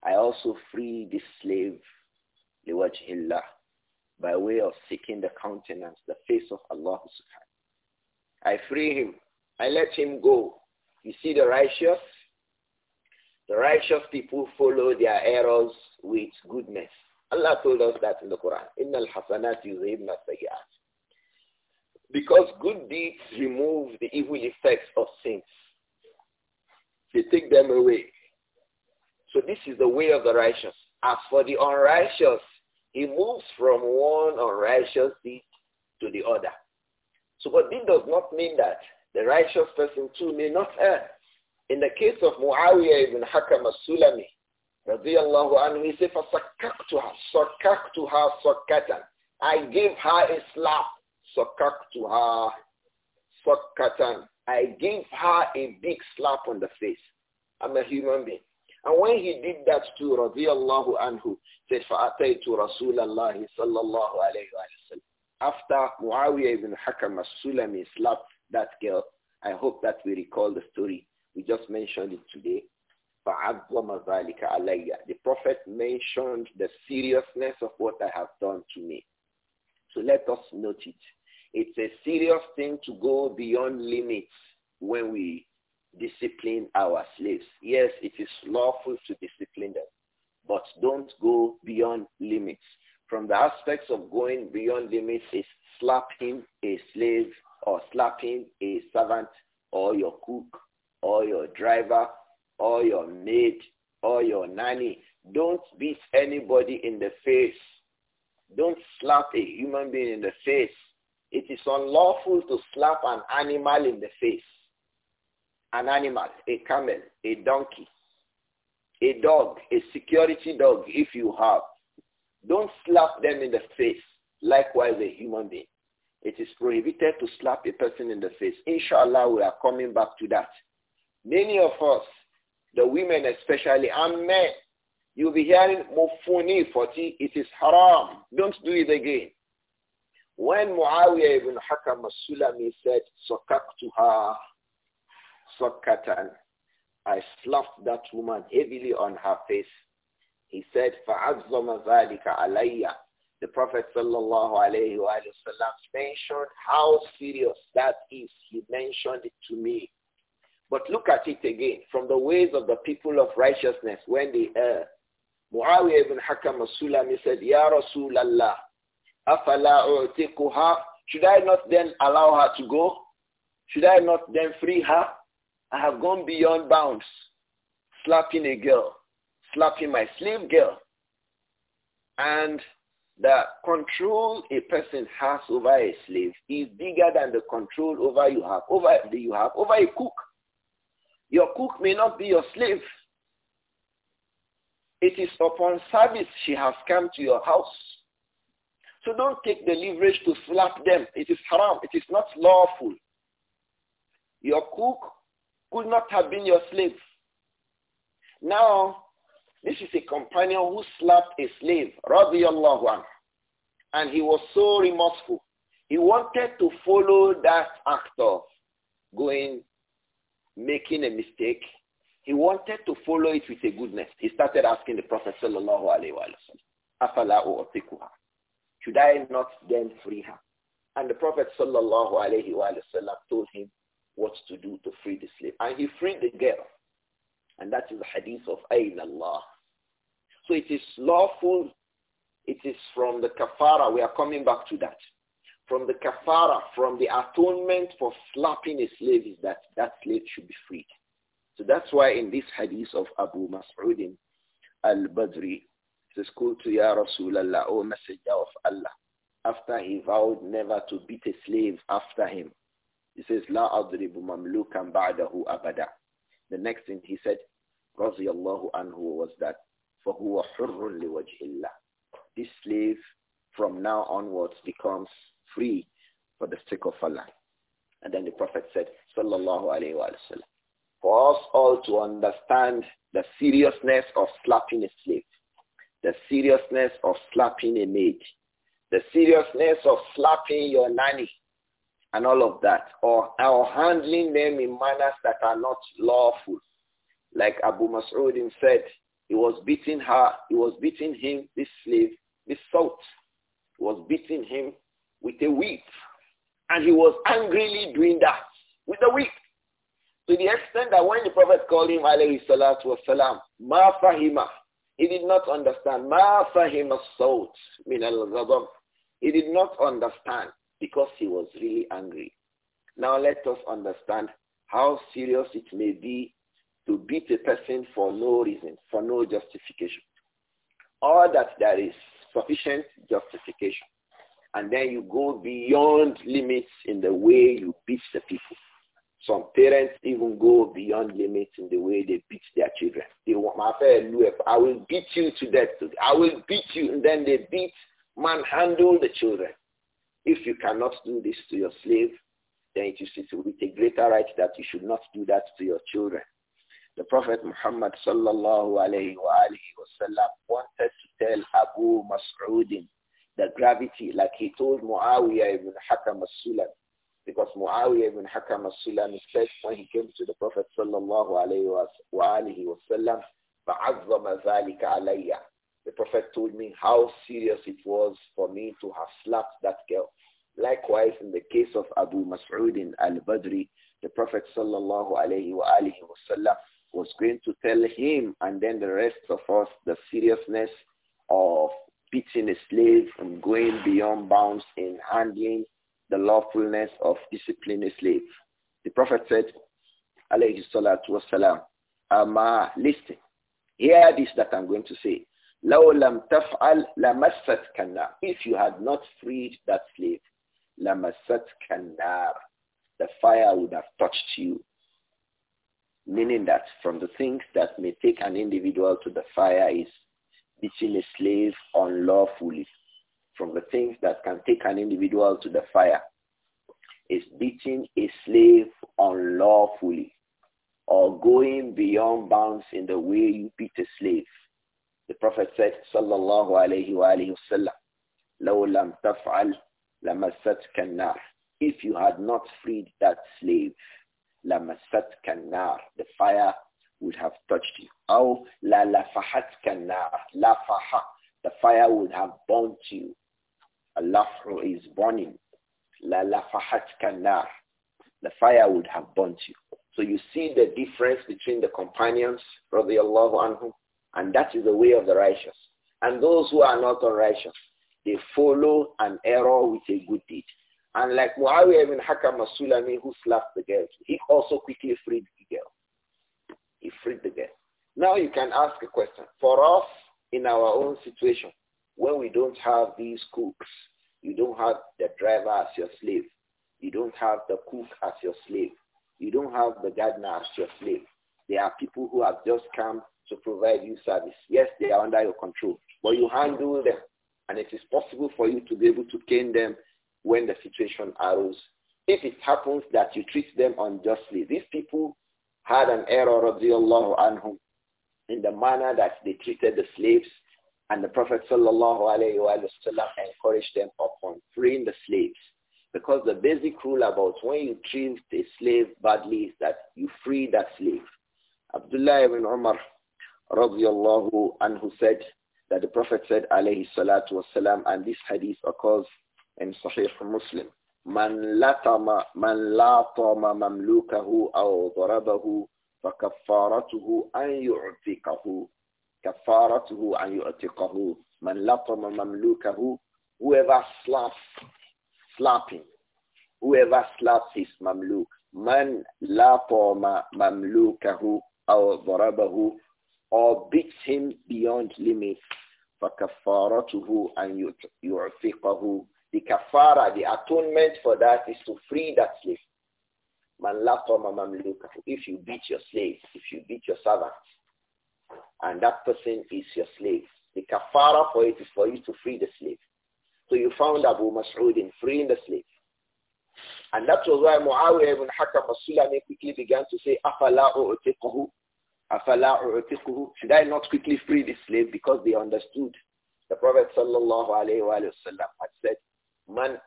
I also free the slave, لِوَجْهِ اللَّهِ by way of seeking the countenance, the face of Allah subhanahu I free him. I let him go. You see the righteous? The righteous people follow their errors with goodness. Allah told us that in the Quran. Innal hasanat yuzhibna sayyat. Because good deeds remove the evil effects of sins. They take them away. So this is the way of the righteous. As for the unrighteous, he moves from one unrighteous deed to the other. So, but this does not mean that the righteous person too may not err. In the case of Muawiyah ibn Hakam al-Sulami, radiallahu anhu, he said, فَسَكَّكْتُهَا سَكَّكْتُهَا سَكَّةً I gave her a slap. سَكَّكْتُهَا سَكَّةً I gave her a big slap on the face. I'm a human being. And when he did that to radiallahu anhu, said, فَأَتَيْتُ رَسُولَ اللَّهِ صَلَّى اللَّهُ عَلَيْهِ وَسَلَّمَ after Muawiyah ibn Hakam as-Sulami slapped that girl, I hope that we recall the story. We just mentioned it today. The Prophet mentioned the seriousness of what I have done to me. So let us note it. It's a serious thing to go beyond limits when we discipline our slaves. Yes, it is lawful to discipline them, but don't go beyond limits from the aspects of going beyond limits is slapping a slave or slapping a servant or your cook or your driver or your maid or your nanny. Don't beat anybody in the face. Don't slap a human being in the face. It is unlawful to slap an animal in the face. An animal, a camel, a donkey, a dog, a security dog if you have don't slap them in the face. Likewise, a human being. It is prohibited to slap a person in the face. Inshallah, we are coming back to that. Many of us, the women especially, and men, you'll be hearing mufuni forty. It is haram. Don't do it again. When Muawiyah ibn Hakam al-Sulami said, Sokaktuha, Sokatan, I slapped that woman heavily on her face. He said, فَعَظَّمَ ذَلِكَ عَلَيَّ The Prophet sallallahu alayhi wa mentioned how serious that is. He mentioned it to me. But look at it again from the ways of the people of righteousness when they err. Uh, Muawiyah ibn Hakam al-Sulami said, Ya Rasulallah, afala u'tikuha? Should I not then allow her to go? Should I not then free her? I have gone beyond bounds, slapping a girl slapping my slave girl. And the control a person has over a slave is bigger than the control over you have over you have over a cook. Your cook may not be your slave. It is upon service she has come to your house. So don't take the leverage to slap them. It is haram. It is not lawful. Your cook could not have been your slave. Now, this is a companion who slapped a slave, radiallahu anhu, and he was so remorseful. He wanted to follow that act of going, making a mistake. He wanted to follow it with a goodness. He started asking the Prophet sallallahu alaihi wasallam, Should I not then free her? And the Prophet sallallahu alaihi wasallam told him what to do to free the slave. And he freed the girl. And that is the hadith of Ayn Allah. So it is lawful. It is from the kafara. We are coming back to that. From the kafara, from the atonement for slapping a slave is that that slave should be freed. So that's why in this hadith of Abu Mas'udin al-Badri, it says, Kul to Ya Rasulallah, O Messenger of Allah, after he vowed never to beat a slave after him. He says, La adribu mamlukan ba'dahu abada. The next thing he said, Radiallahu anhu, was that, فَهُوَ حُرٌّ لِوَجْهِ اللَّهِ This slave from now onwards becomes free for the sake of Allah. And then the Prophet said, Sallallahu alayhi wa sallam, for us all to understand the seriousness of slapping a slave, the seriousness of slapping a maid, the seriousness of slapping your nanny, and all of that, or, or handling them in manners that are not lawful. Like Abu Mas'ud said, he was beating her, he was beating him, this slave, this salt, he was beating him with a whip. And he was angrily doing that with a whip. To the extent that when the Prophet called him, alayhi salatu wasalam, ma fahima, he did not understand. Ma fahima salt min al He did not understand because he was really angry. Now let us understand how serious it may be to beat a person for no reason, for no justification. Or that there is sufficient justification. And then you go beyond limits in the way you beat the people. Some parents even go beyond limits in the way they beat their children. They want my fair I will beat you to death. I will beat you. And then they beat, manhandle the children. If you cannot do this to your slave, then it is with a greater right that you should not do that to your children. The Prophet Muhammad sallallahu alayhi wa wasallam wanted to tell Abu Mas'udin the gravity, like he told Muawiyah ibn Hakam al-Sulam, because Muawiyah ibn Hakam al-Sulam said when he came to the Prophet sallallahu alayhi wa alihi wasallam, فَعَظَّمَ ذَلِكَ عَلَيَّ the Prophet told me how serious it was for me to have slapped that girl. Likewise, in the case of Abu Mas'ud al-Badri, the Prophet sallallahu alayhi wa wasallam was going to tell him and then the rest of us the seriousness of beating a slave and going beyond bounds in handling the lawfulness of disciplining a slave. The Prophet said, alayhi salatu wasalam, Amma listen, hear this that I'm going to say. لو لم تفعل لمستك النار. If you had not freed that slave, لمستك النار. The fire would have touched you. Meaning that from the things that may take an individual to the fire is beating a slave unlawfully. From the things that can take an individual to the fire is beating a slave unlawfully or going beyond bounds in the way you beat a slave the Prophet said, sallallahu alayhi wa alayhi wasallam, لو لم تفعل لمستك النار. If you had not freed that slave, لمستك النار. The fire would have touched you. أو للفحتك النار. لفح. The fire would have burnt you. al is burning. للفحتك النار. The fire would have burnt you. So you see the difference between the companions, radiallahu anhum, and that is the way of the righteous. And those who are not unrighteous, they follow an error with a good deed. And like Muawiyah ibn Hakam as-Sulami, who slapped the girl, he also quickly freed the girl. He freed the girl. Now you can ask a question. For us, in our own situation, when we don't have these cooks, you don't have the driver as your slave, you don't have the cook as your slave, you don't have the gardener as your slave, there are people who have just come to provide you service. Yes, they are under your control, but you handle them. And it is possible for you to be able to gain them when the situation arose. If it happens that you treat them unjustly, these people had an error, anhum, in the manner that they treated the slaves and the Prophet sallallahu encouraged them upon freeing the slaves. Because the basic rule about when you treat a slave badly is that you free that slave. Abdullah ibn Umar radiallahu anhu said that the Prophet said alayhi salatu wasalam and this hadith occurs in Sahih Muslim. Man latama man latama mamlukahu aw darabahu فكفارته أن يعتقه كفارته أن يعتقه من لطم مملوكه whoever slaps slapping whoever slaps his mamluk من لطم مملوكه or beats him beyond limits فكفارته أن يعفقه the kafara, the atonement for that is to free that slave. If you beat your slave, if you beat your servant, and that person is your slave, the kafara for it is for you to free the slave. So you found Abu Mas'ud in freeing the slave. And that was why Muawiyah ibn Hakam as-Sulami quickly began to say, أَفَلَا أُعْتِقَهُ should I not quickly free the slave because they understood? The Prophet sallallahu alaihi wa sallam had said, Man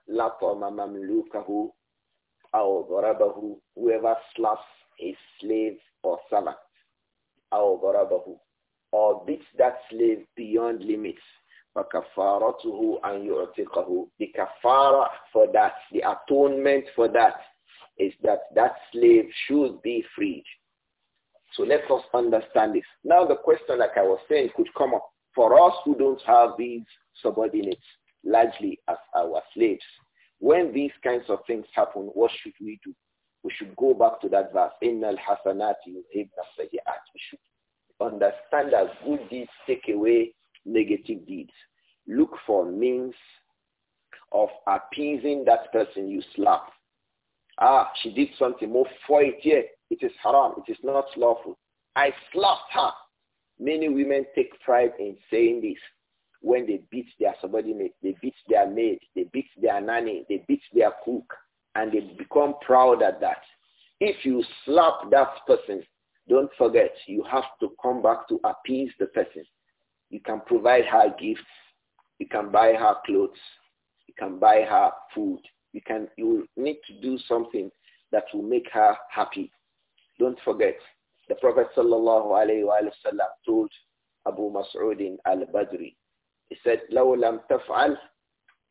Whoever slaps a slave or servant or beats that slave beyond limits. فَكَفَارَتُهُ أَنْ يُعْتِقَهُ The kafara for that, the atonement for that, is that that slave should be freed. So let us understand this. Now the question, like I was saying, could come up for us who don't have these subordinates largely as our slaves. When these kinds of things happen, what should we do? We should go back to that verse, hasanati We should understand that good deeds take away negative deeds. Look for means of appeasing that person you slap. Ah, she did something more for it here. It is haram. It is not lawful. I slapped her. Many women take pride in saying this. When they beat their subordinate, they beat their maid, they beat their nanny, they beat their cook, and they become proud at that. If you slap that person, don't forget, you have to come back to appease the person. You can provide her gifts. You can buy her clothes. You can buy her food. You can, you need to do something that will make her happy don't forget, the Prophet sallallahu alayhi wa sallam told Abu Mas'ud al-Badri, he said, لَوْ لَمْ tafāl."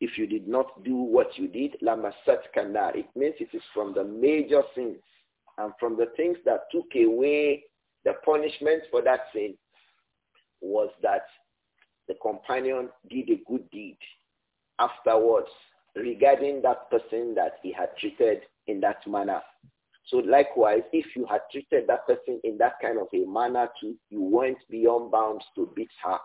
If you did not do what you did, لَمَسَّتْكَ النَّارِ It means it is from the major sins and from the things that took away the punishment for that sin was that the companion did a good deed afterwards regarding that person that he had treated in that manner. So likewise, if you had treated that person in that kind of a manner too, you went beyond bounds to beat her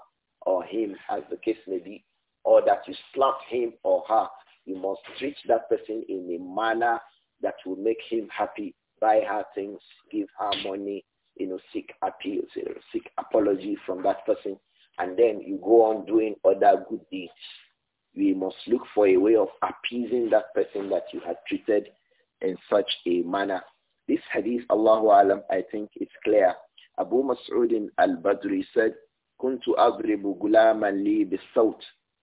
or him as the case may be, or that you slapped him or her, you must treat that person in a manner that will make him happy, buy her things, give her money, you know, seek appeals, seek apology from that person, and then you go on doing other good deeds. We must look for a way of appeasing that person that you had treated in such a manner this hadith, Allahu Alam, I think it's clear. Abu Mas'udin al-Badri said, Kuntu abribu gulaman li bisawt.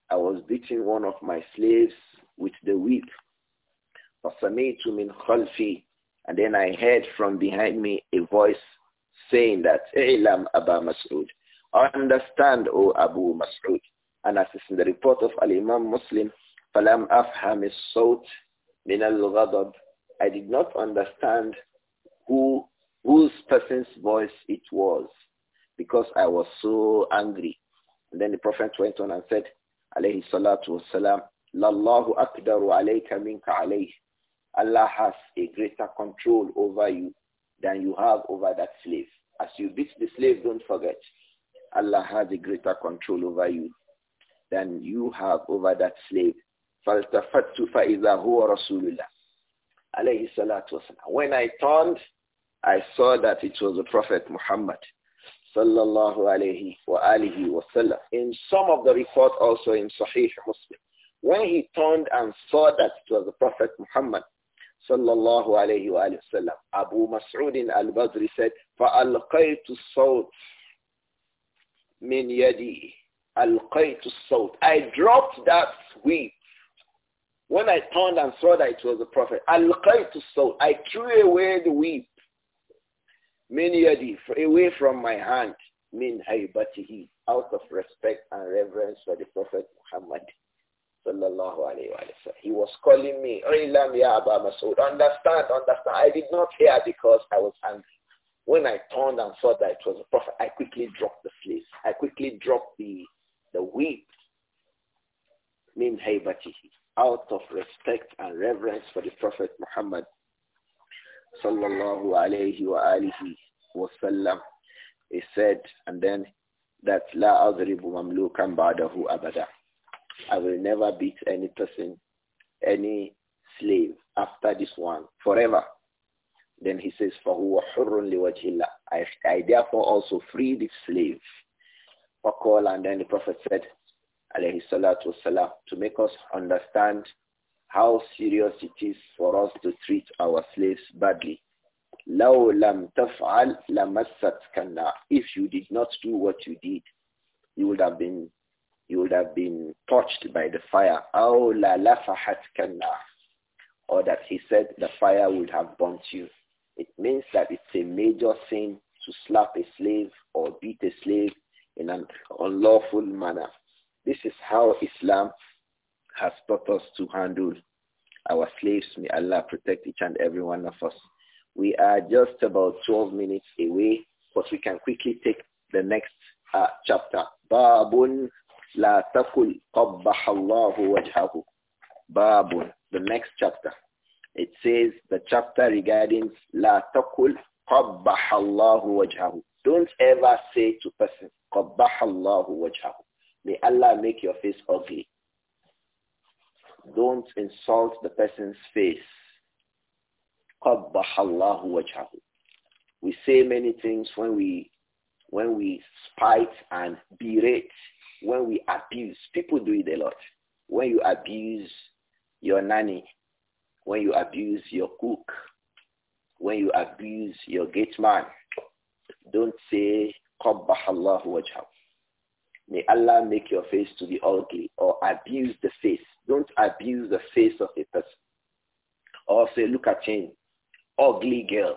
I was beating one of my slaves with the whip. مِنْ خَلْفِي And then I heard from behind me a voice saying that, إِعْلَمْ أَبَا Mas'ud. Understand, O Abu Mas'ud. And as is in the report of Al-Imam Muslim, فَلَمْ أَفْهَمِ الصَّوْتِ مِنَ الْغَضَبِ I did not understand who whose person's voice it was because I was so angry. And then the Prophet went on and said, alayhi salatu wasalam, Lallahu akdaru alayka minka alayh. Allah has a greater control over you than you have over that slave. As you beat the slave, don't forget, Allah has a greater control over you than you have over that slave. فَالْتَفَتْتُ فَإِذَا هُوَ رَسُولُ اللَّهِ alayhi salatu wasalam. When I turned, I saw that it was the Prophet Muhammad sallallahu alayhi wa alihi wasallam. In some of the reports also in Sahih Muslim, when he turned and saw that it was the Prophet Muhammad sallallahu alayhi wa sallam, Abu Mas'ud al-Badri said, فَأَلْقَيْتُ الصَّوْتِ مِنْ يَدِي أَلْقَيْتُ الصَّوْتِ I dropped that whip when I turned and saw that it was the prophet, I al to soul. I threw away the whip, min yadi, away from my hand, min haybatihi, out of respect and reverence for the prophet Muhammad. Sallallahu alayhi wa He was calling me, Ilam ya Aba Masood, understand, understand. I did not hear because I was angry. When I turned and saw that it was the prophet, I quickly dropped the fleece. I quickly dropped the, the whip, min haybatihi out of respect and reverence for the Prophet Muhammad sallallahu alayhi wa alihi wasallam. He said, and then that la adribu mamlukan ba'dahu abada. I will never beat any person, any slave after this one forever. Then he says, فَهُوَ حُرٌ لِوَجْهِ I, I therefore also free this slave. And then the Prophet said, alayhi salatu wasalam, to make us understand how serious it is for us to treat our slaves badly. لو لم تفعل لمستك If you did not do what you did, you would have been you would have been touched by the fire. أو للفحتك النار. Or that he said the fire would have burnt you. It means that it's a major sin to slap a slave or beat a slave in an unlawful manner. This is how Islam has taught us to handle our slaves. May Allah protect each and every one of us. We are just about 12 minutes away, but we can quickly take the next uh, chapter. Babun la takul qabbahallahu wajhahu. Babun, the next chapter. It says the chapter regarding la takul qabbahallahu wajhahu. Don't ever say to person qabbahallahu wajhahu. May Allah make your face ugly. Don't insult the person's face. We say many things when we when we spite and berate, when we abuse. People do it a lot. When you abuse your nanny, when you abuse your cook, when you abuse your gate man, don't say Qabbahallahu wajhahu. May Allah make your face to be ugly or abuse the face. Don't abuse the face of a person. Or say, look at him, ugly girl.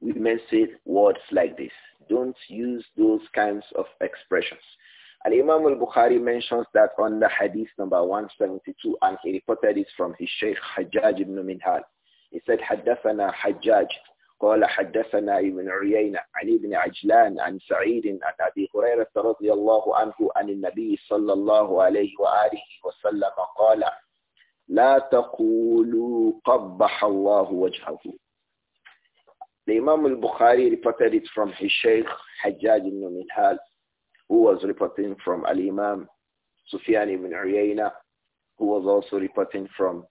Women say words like this. Don't use those kinds of expressions. And imam al-Bukhari mentions that on the hadith number 172 and he reported it from his Shaykh Hajjaj ibn Minhal. He said, حدثنا حجاج قال حدثنا ابن عيينة عن ابن عجلان عن سعيد عن أبي هريرة رضي الله عنه عن النبي صلى الله عليه وآله وسلم قال لا تقولوا قبح الله وجهه The Imam al-Bukhari reported it from his Sheikh Hajjaj ibn Minhal, who was reporting from Al-Imam Sufyan ibn who was also reporting from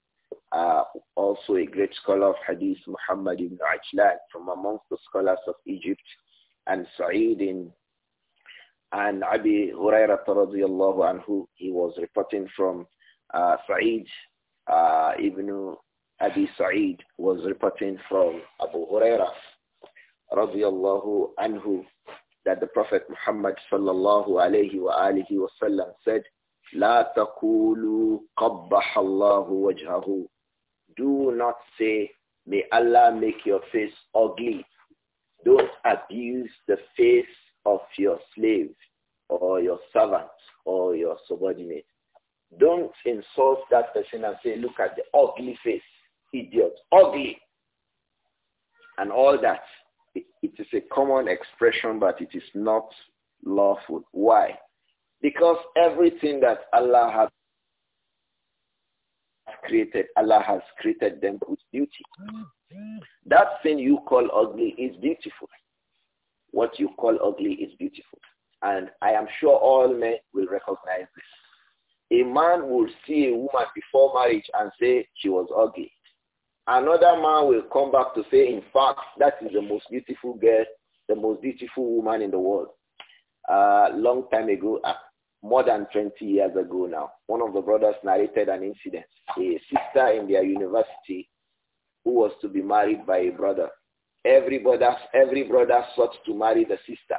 uh, also a great scholar of Hadith, Muhammad ibn Ajlan, from amongst the scholars of Egypt, and Sa'id in and Abi Hurairah radiallahu anhu, he was reporting from uh, Sa'id uh, ibn Abi Sa'id was reporting from Abu Hurairah radiallahu anhu that the Prophet Muhammad sallallahu alayhi wa alihi wa sallam said, لا تقولوا قبح الله وجهه do not say, may Allah make your face ugly. Don't abuse the face of your slave or your servant or your subordinate. Don't insult that person and say, look at the ugly face, idiot, ugly, and all that. It, it is a common expression, but it is not lawful. Why? Because everything that Allah has created, Allah has created them with beauty. That thing you call ugly is beautiful. What you call ugly is beautiful. And I am sure all men will recognize this. A man will see a woman before marriage and say she was ugly. Another man will come back to say, in fact, that is the most beautiful girl, the most beautiful woman in the world. A uh, long time ago, more than 20 years ago now, one of the brothers narrated an incident. A sister in their university who was to be married by a brother. Every brother, every brother sought to marry the sister.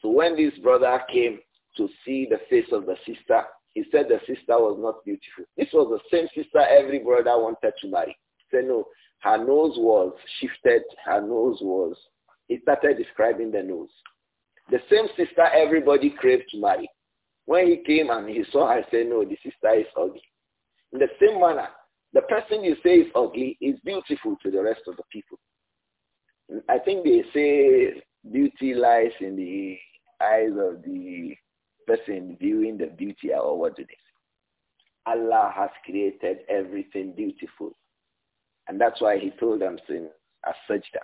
So when this brother came to see the face of the sister, he said the sister was not beautiful. This was the same sister every brother wanted to marry. He said, no, her nose was shifted, her nose was, he started describing the nose. The same sister everybody craved to marry. When he came and he saw her, said, no, the sister is ugly. In the same manner, the person you say is ugly is beautiful to the rest of the people. I think they say beauty lies in the eyes of the person viewing the beauty or what do they say? Allah has created everything beautiful. And that's why he told them to As-Sajda,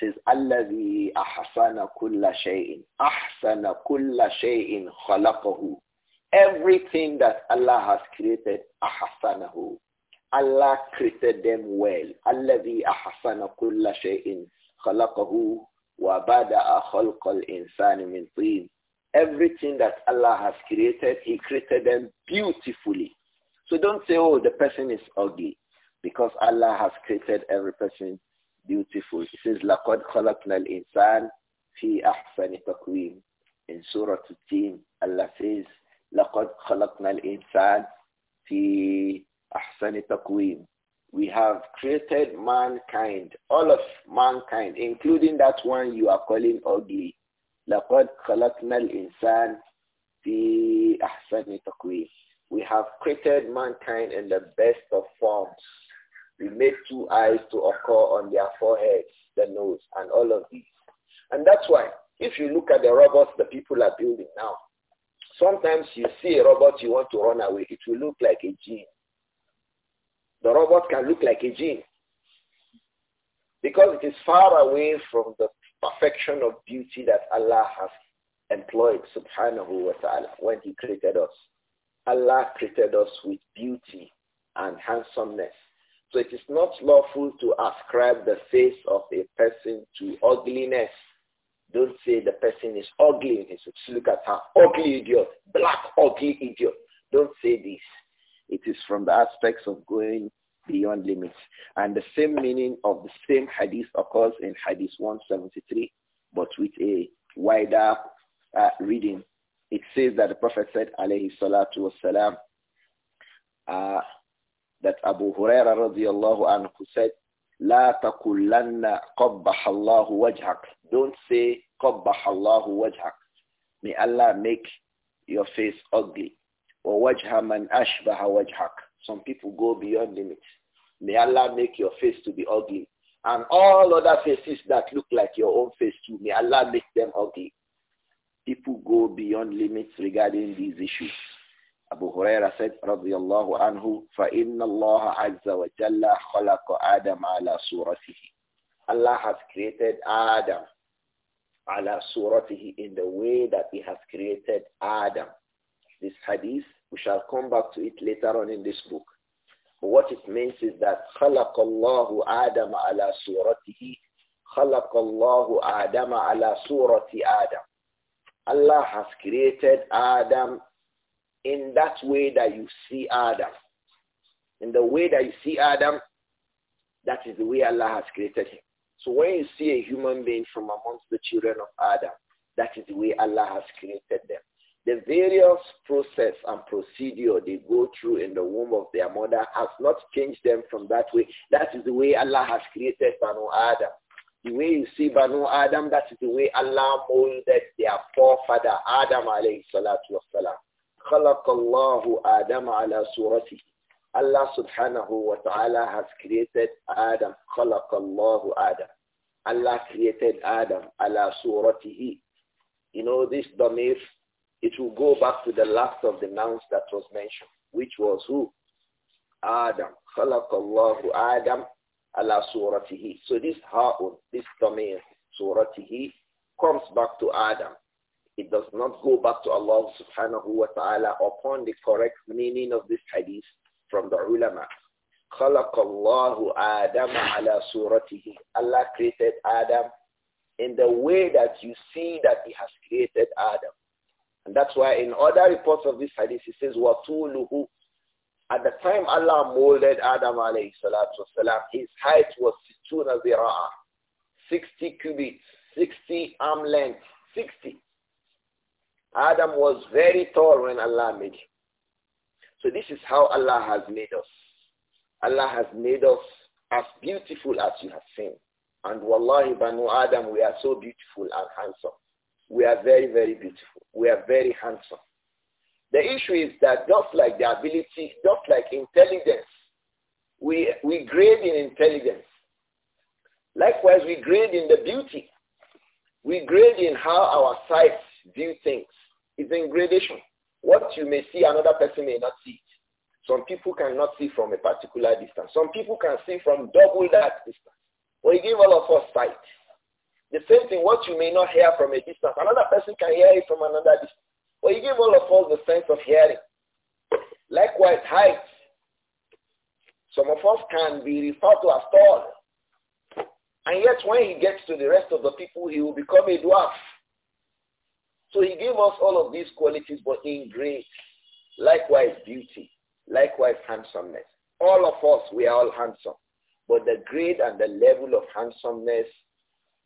says, Allazi ahsana kulla shay'in. Ahsana kulla shay'in khalaqahu. Everything that Allah has created, ahsanahu. Allah created them well. Allazi ahsana kulla shay'in khalaqahu wa bada'a khalqal insani min tin. Everything that Allah has created, he created them beautifully. So don't say, oh, the person is ugly because Allah has created every person beautiful. It says, لَقَدْ خَلَقْنَا الْإِنسَانِ فِي أَحْسَنِ تَقْوِيمٍ In Surah Al-Team, Allah says, لَقَدْ خَلَقْنَا الْإِنسَانِ فِي أَحْسَنِ تَقْوِيمٍ We have created mankind, all of mankind, including that one you are calling ugly. لَقَدْ خَلَقْنَا الْإِنسَانِ فِي أَحْسَنِ تَقْوِيمٍ We have created mankind in the best of forms. We made two eyes to occur on their foreheads, the nose, and all of these. And that's why if you look at the robots the people are building now, sometimes you see a robot you want to run away. It will look like a gene. The robot can look like a gene because it is far away from the perfection of beauty that Allah has employed, subhanahu wa ta'ala, when he created us. Allah created us with beauty and handsomeness so it is not lawful to ascribe the face of a person to ugliness. Don't say the person is ugly. Just look at her, ugly idiot, black ugly idiot. Don't say this. It is from the aspects of going beyond limits. And the same meaning of the same hadith occurs in hadith 173, but with a wider uh, reading. It says that the Prophet said, alayhi salatu wasalam, uh, that Abu Huraira radiallahu anhu said, لا تقولن قبح الله وجهك. Don't say قبح الله وجهك. May Allah make your face ugly. ووجه من أشبه وجهك. Some people go beyond limits. May Allah make your face to be ugly. And all other faces that look like your own face too, may Allah make them ugly. People go beyond limits regarding these issues. Abu Huraira said, الله عنه. فَإِنَّ اللَّهَ عَزَّ وَجَلَّ خَلَقَ آدَمَ عَلَى صورته. Allah has created Adam على صورته in the way that he has created Adam. This hadith, we shall come back to it later on in this book. But what it means is that خَلَقَ اللَّهُ آدَمَ عَلَى صورته. خَلَقَ اللَّهُ آدَمَ عَلَى صورة آدَمَ Allah has created Adam in that way that you see Adam. In the way that you see Adam, that is the way Allah has created him. So when you see a human being from amongst the children of Adam, that is the way Allah has created them. The various process and procedure they go through in the womb of their mother has not changed them from that way. That is the way Allah has created Banu Adam. The way you see Banu Adam, that is the way Allah molded their forefather Adam alayhi salatu wasalam. خَلَقَ اللَّهُ آدَمَ عَلَى سُورَتِهِ Allah subhanahu wa ta'ala has created Adam. خَلَقَ اللَّهُ Adam. Allah created Adam ala suratihi. You know, this domain. it will go back to the last of the nouns that was mentioned, which was who? Adam. خَلَقَ اللَّهُ Adam ala suratihi. So this ha'un, this domain. suratihi, comes back to Adam. It does not go back to Allah subhanahu wa ta'ala upon the correct meaning of this hadith from the ulama. خَلَقَ اللَّهُ آدَمَ عَلَى سُورَتِهِ Allah created Adam in the way that you see that he has created Adam. And that's why in other reports of this hadith, He says, وَطُولُهُ At the time Allah molded Adam alayhi salatu wasalam, his height was 60 cubits, 60 arm length, 60. Adam was very tall when Allah made him. So this is how Allah has made us. Allah has made us as beautiful as you have seen. And wallahi, Banu Adam, we are so beautiful and handsome. We are very, very beautiful. We are very handsome. The issue is that just like the ability, just like intelligence, we, we grade in intelligence. Likewise, we grade in the beauty. We grade in how our sight view things. It's in gradation. What you may see, another person may not see Some people cannot see from a particular distance. Some people can see from double that distance. But he gave all of us sight. The same thing, what you may not hear from a distance, another person can hear it from another distance. But he gave all of us the sense of hearing. Likewise, height. Some of us can be referred to as tall. And yet when he gets to the rest of the people, he will become a dwarf. So he gave us all of these qualities, but in grace. Likewise beauty, likewise handsomeness. All of us, we are all handsome. But the grade and the level of handsomeness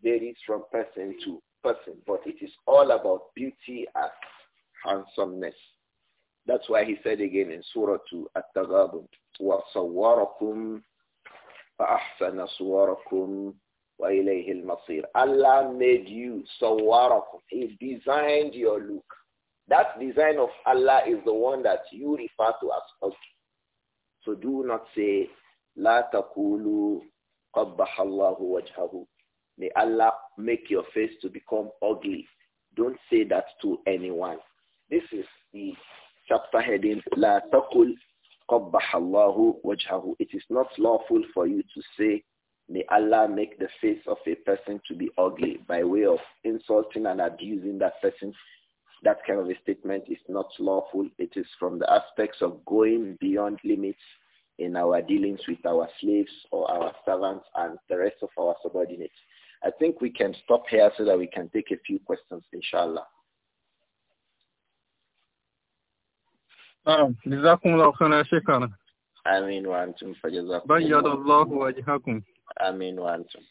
varies from person to person. But it is all about beauty as handsomeness. That's why he said again in Surah 2, At-Tagabun, وَصَوَّرَكُمْ فَأَحْسَنَ صُوَرَكُمْ Allah made you sawarakum. He designed your look. That design of Allah is the one that you refer to as ugly. So do not say, La قبّح الله وجهه. May Allah make your face to become ugly. Don't say that to anyone. This is the chapter heading, La قبّح الله وجهه. It is not lawful for you to say, May Allah make the face of a person to be ugly by way of insulting and abusing that person. That kind of a statement is not lawful. It is from the aspects of going beyond limits in our dealings with our slaves or our servants and the rest of our subordinates. I think we can stop here so that we can take a few questions, inshallah. نعم جزاكم Amin um, wa antum.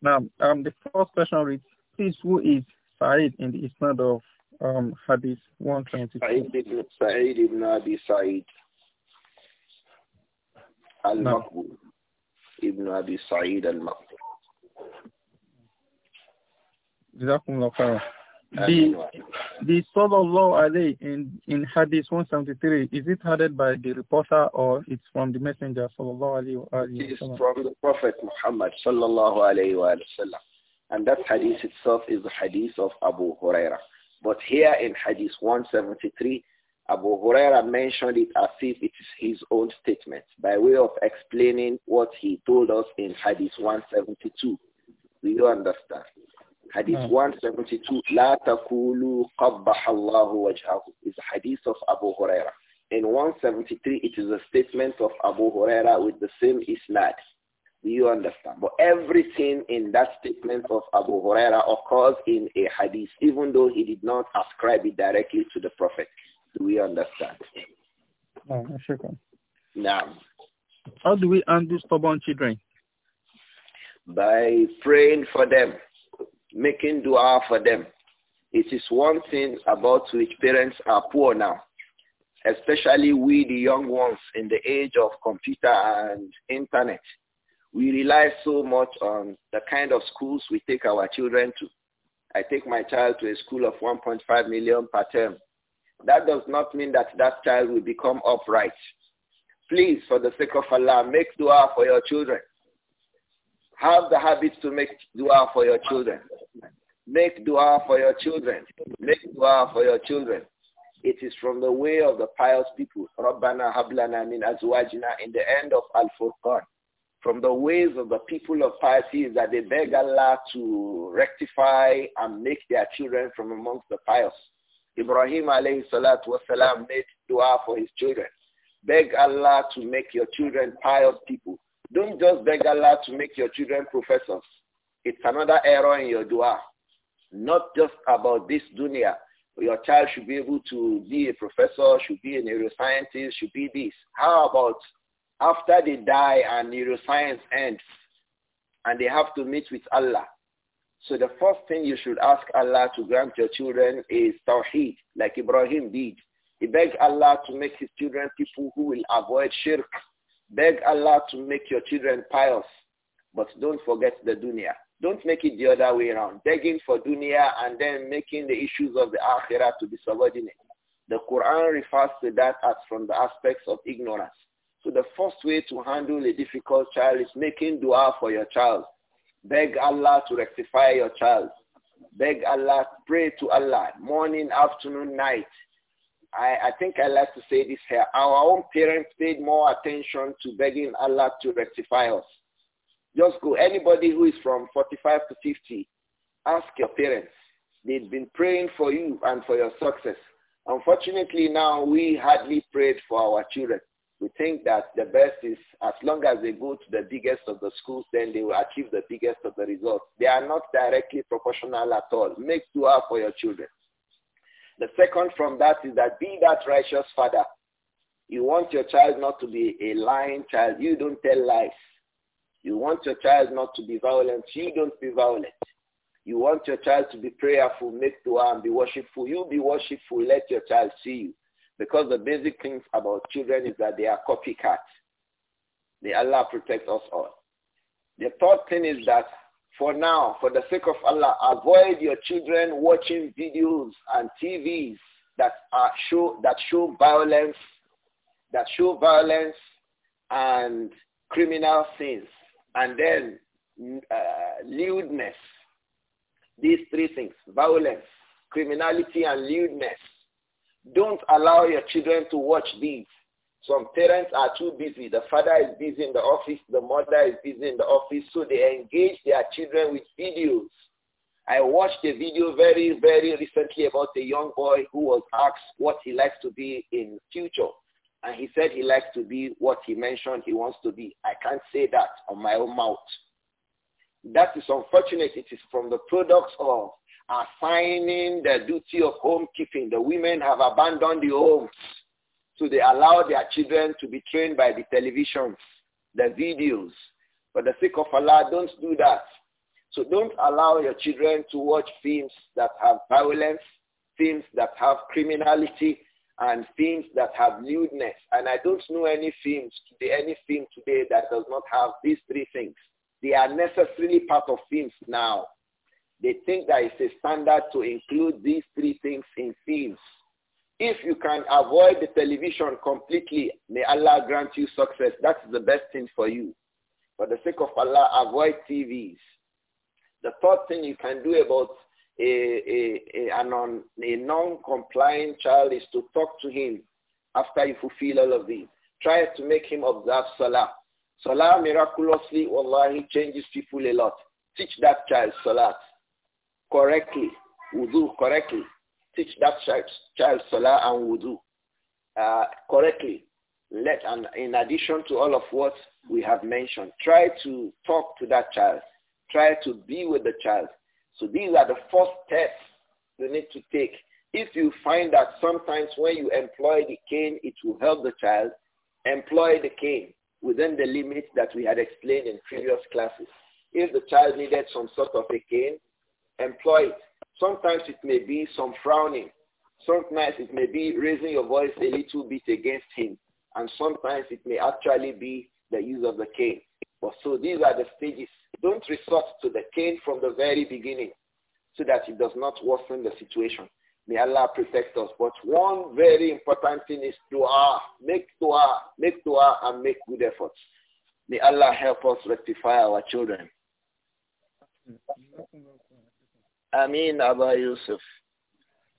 Now, um, the first question reads, please, who is Sa'id in the Isnad of um, Hadith 122? Sa'id ibn, Sa'id ibn Abi Sa'id. al makbul Ibn Abi Sa'id al makbul Jazakumullah. الله the, the Sallallahu Alaihi in, in Hadith 173, is it added by the reporter or it's from the messenger Sallallahu Alaihi Wasallam? It's from the Prophet Muhammad Sallallahu Alaihi Wasallam. And that Hadith itself is the Hadith of Abu Huraira. But here in Hadith 173, Abu Huraira mentioned it as if it is his own statement by way of explaining what he told us in Hadith 172. Do you understand? Hadith hmm. 172, La takulu qabbaha Allahu wajhahu, is a hadith of Abu Huraira. In 173, it is a statement of Abu Huraira with the same isnad. Do you understand? But everything in that statement of Abu Huraira occurs in a hadith, even though he did not ascribe it directly to the Prophet. Do we understand? No, sure. Now. How do we undo stubborn children? By praying for them making dua for them. It is one thing about which parents are poor now, especially we the young ones in the age of computer and internet. We rely so much on the kind of schools we take our children to. I take my child to a school of 1.5 million per term. That does not mean that that child will become upright. Please, for the sake of Allah, make dua for your children. Have the habit to make dua for your children. Make dua for your children. Make dua for your children. It is from the way of the pious people. Rabbana hablana min azwajina in the end of Al-Furqan. From the ways of the people of piety is that they beg Allah to rectify and make their children from amongst the pious. Ibrahim alayhi salatu wasalam made dua for his children. Beg Allah to make your children pious people. Don't just beg Allah to make your children professors. It's another error in your dua. Not just about this dunya. Your child should be able to be a professor, should be a neuroscientist, should be this. How about after they die and neuroscience ends and they have to meet with Allah? So the first thing you should ask Allah to grant your children is tawheed, like Ibrahim did. He begged Allah to make his children people who will avoid shirk Beg Allah to make your children pious, but don't forget the dunya. Don't make it the other way around. Begging for dunya and then making the issues of the akhirah to be subordinate. The Quran refers to that as from the aspects of ignorance. So the first way to handle a difficult child is making dua for your child. Beg Allah to rectify your child. Beg Allah, pray to Allah, morning, afternoon, night. I, I think I like to say this here. Our own parents paid more attention to begging Allah to rectify us. Just go. Anybody who is from 45 to 50, ask your parents. They've been praying for you and for your success. Unfortunately, now we hardly prayed for our children. We think that the best is as long as they go to the biggest of the schools, then they will achieve the biggest of the results. They are not directly proportional at all. Make dua for your children. The second from that is that be that righteous father. You want your child not to be a lying child. You don't tell lies. You want your child not to be violent. You don't be violent. You want your child to be prayerful, make dua and be worshipful. You be worshipful. Let your child see you. Because the basic things about children is that they are copycats. May Allah protect us all. The third thing is that for now, for the sake of Allah, avoid your children watching videos and TVs that are show that show violence, that show violence and criminal sins, and then mm, uh, lewdness. These three things: violence, criminality, and lewdness. Don't allow your children to watch these. Some parents are too busy. The father is busy in the office. The mother is busy in the office. So they engage their children with videos. I watched a video very, very recently about a young boy who was asked what he likes to be in future. And he said he likes to be what he mentioned he wants to be. I can't say that on my own mouth. That is unfortunate. It is from the products of assigning the duty of homekeeping. The women have abandoned the homes. So they allow their children to be trained by the televisions, the videos. For the sake of Allah, don't do that. So don't allow your children to watch films that have violence, films that have criminality, and films that have lewdness. And I don't know any films any film today that does not have these three things. They are necessarily part of films now. They think that it's a standard to include these three things in films. If you can avoid the television completely, may Allah grant you success. That's the best thing for you. For the sake of Allah, avoid TVs. The third thing you can do about a, a, a, a non-compliant child is to talk to him after you fulfill all of these. Try to make him observe Salah. Salah miraculously, wallahi, changes people a lot. Teach that child Salah correctly, wudu correctly teach that child, salah and wudu uh, correctly. Let and in addition to all of what we have mentioned, try to talk to that child. Try to be with the child. So these are the first steps you need to take. If you find that sometimes when you employ the cane, it will help the child, employ the cane within the limits that we had explained in previous classes. If the child needed some sort of a cane, employ it. Sometimes it may be some frowning. Sometimes it may be raising your voice a little bit against him. And sometimes it may actually be the use of the cane. But so these are the stages. Don't resort to the cane from the very beginning so that it does not worsen the situation. May Allah protect us. But one very important thing is dua. Make dua, make dua and make good efforts. May Allah help us rectify our children. Amin Aba Yusuf.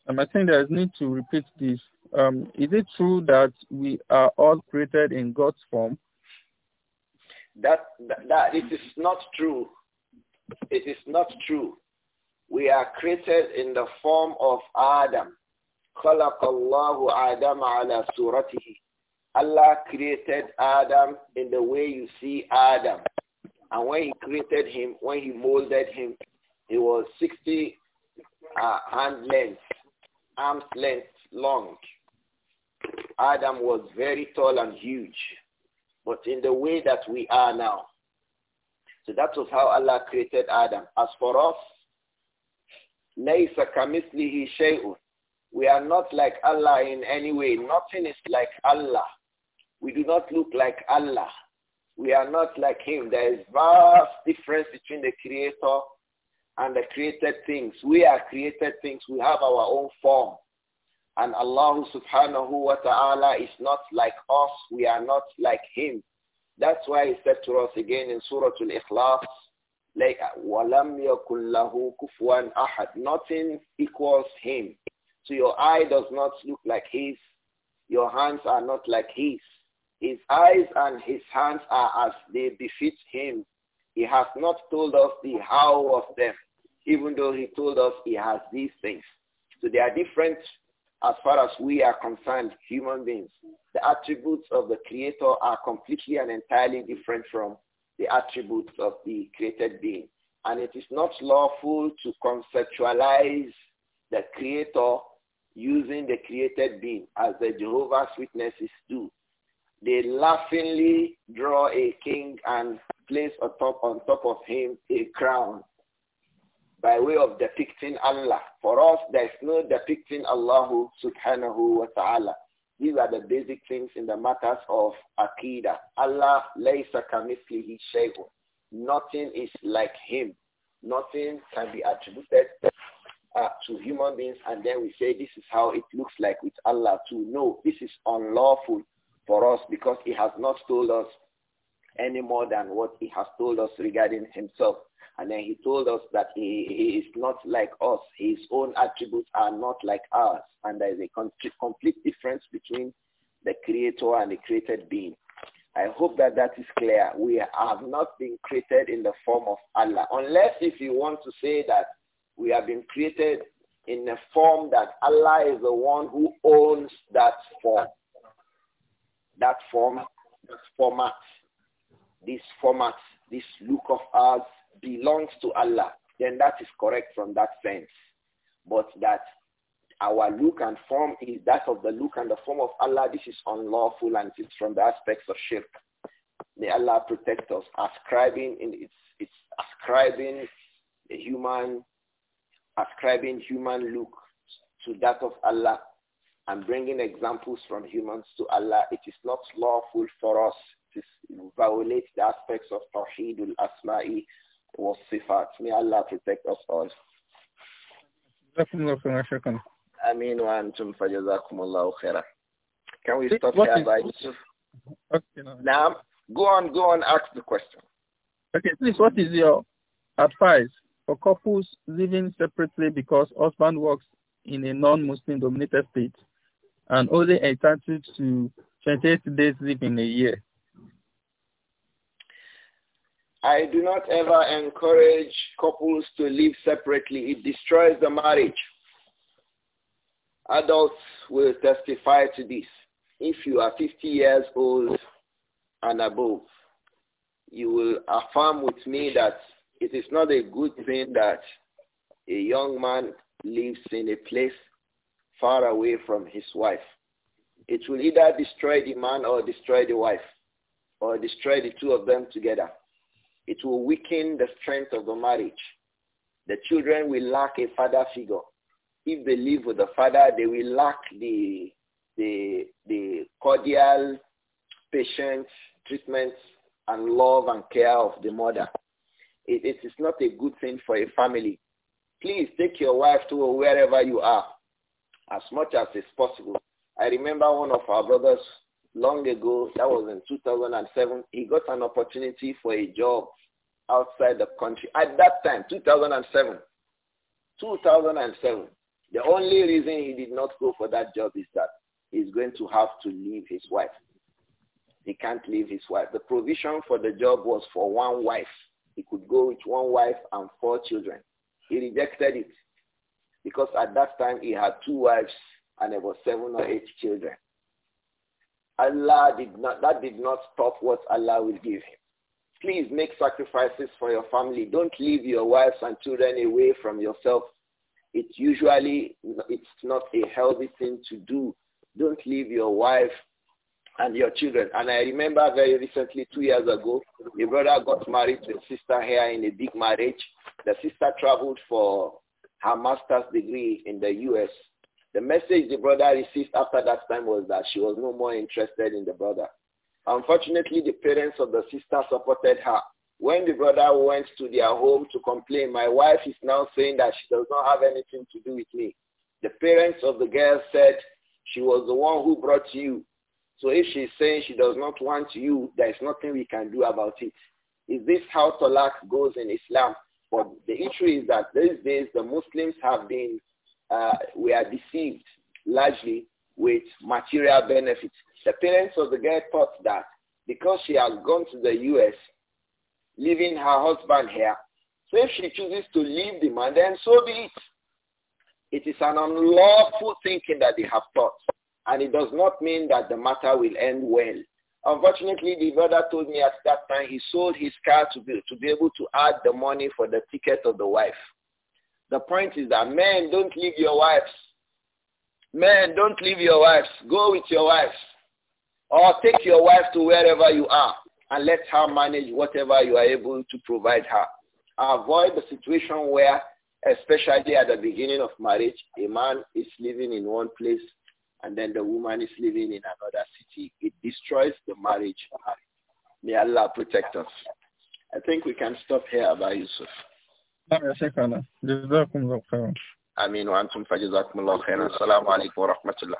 Um, I think there is need to repeat this. Um, is it true that we are all created in God's form? That, that, that it is not true. It is not true. We are created in the form of Adam. خلق الله آدم على صورته. Allah created Adam in the way you see Adam. And when he created him, when he molded him, he was 60 uh, hand length, arms length long. Adam was very tall and huge, but in the way that we are now. So that was how Allah created Adam. As for us, We are not like Allah in any way. Nothing is like Allah. We do not look like Allah. We are not like him. There is vast difference between the Creator and the created things. We are created things. We have our own form. And Allah subhanahu wa ta'ala is not like us. We are not like him. That's why he said to us again in Surah Al-Ikhlas, like, وَلَمْ يَكُنْ لَهُ كُفْوًا أَحَدٍ Nothing equals him. So your eye does not look like his. Your hands are not like his. His eyes and his hands are as they befit him. He has not told us the how of them, even though he told us he has these things. So they are different as far as we are concerned, human beings. The attributes of the Creator are completely and entirely different from the attributes of the created being. And it is not lawful to conceptualize the Creator using the created being as the Jehovah's Witnesses do they laughingly draw a king and place atop, on top of him a crown by way of depicting Allah. For us, there is no depicting Allah subhanahu wa ta'ala. These are the basic things in the matters of Aqidah. Allah laysa kamithlihi shay'un. Nothing is like him. Nothing can be attributed uh, to human beings and then we say this is how it looks like with Allah To know this is unlawful for us because he has not told us any more than what he has told us regarding himself. And then he told us that he, he is not like us. His own attributes are not like ours. And there is a complete difference between the creator and the created being. I hope that that is clear. We have not been created in the form of Allah. Unless if you want to say that we have been created in a form that Allah is the one who owns that form. That form, that format, this format, this look of ours belongs to Allah. Then that is correct from that sense. But that our look and form is that of the look and the form of Allah. This is unlawful and it's from the aspects of shirk. May Allah protect us. Ascribing in its, it's ascribing the human, ascribing human look to that of Allah and bringing examples from humans to Allah, it is not lawful for us to violate the aspects of Tawheedul Asma'i wa Sifat. May Allah protect us all. wa antum Can we stop here by Yusuf? Okay, no. Now, go on, go on, ask the question. Okay, please, what is your advice for couples living separately because husband works in a non-Muslim dominated state and only entitled to 28 days leave in a year. I do not ever encourage couples to live separately. It destroys the marriage. Adults will testify to this. If you are 50 years old and above, you will affirm with me that it is not a good thing that a young man lives in a place far away from his wife. It will either destroy the man or destroy the wife or destroy the two of them together. It will weaken the strength of the marriage. The children will lack a father figure. If they live with the father, they will lack the, the, the cordial, patient treatment and love and care of the mother. it, it is not a good thing for a family. Please take your wife to wherever you are as much as is possible. I remember one of our brothers long ago, that was in 2007, he got an opportunity for a job outside the country. At that time, 2007, 2007, the only reason he did not go for that job is that he's going to have to leave his wife. He can't leave his wife. The provision for the job was for one wife. He could go with one wife and four children. He rejected it. Because at that time he had two wives and there were seven or eight children. Allah did not, that did not stop what Allah will give him. Please make sacrifices for your family. Don't leave your wives and children away from yourself. It usually, it's not a healthy thing to do. Don't leave your wife and your children. And I remember very recently, two years ago, a brother got married to a sister here in a big marriage. The sister traveled for her master's degree in the U.S. The message the brother received after that time was that she was no more interested in the brother. Unfortunately, the parents of the sister supported her. When the brother went to their home to complain, my wife is now saying that she does not have anything to do with me. The parents of the girl said, she was the one who brought you. So if she's saying she does not want you, there is nothing we can do about it. Is this how talak goes in Islam? But the issue is that these days the Muslims have been, uh, we are deceived largely with material benefits. The parents of the girl thought that because she has gone to the U.S., leaving her husband here, so if she chooses to leave the man, then so be it. It is an unlawful thinking that they have thought. And it does not mean that the matter will end well. Unfortunately, the brother told me at that time he sold his car to be, to be able to add the money for the ticket of the wife. The point is that men, don't leave your wives. Men, don't leave your wives. Go with your wives. Or take your wife to wherever you are and let her manage whatever you are able to provide her. Avoid the situation where, especially at the beginning of marriage, a man is living in one place and then the woman is living in another city. It destroys the marriage. May Allah protect us. I think we can stop here, Abba Yusuf. آمين وأنتم فجزاكم الله خيرا السلام عليكم ورحمة الله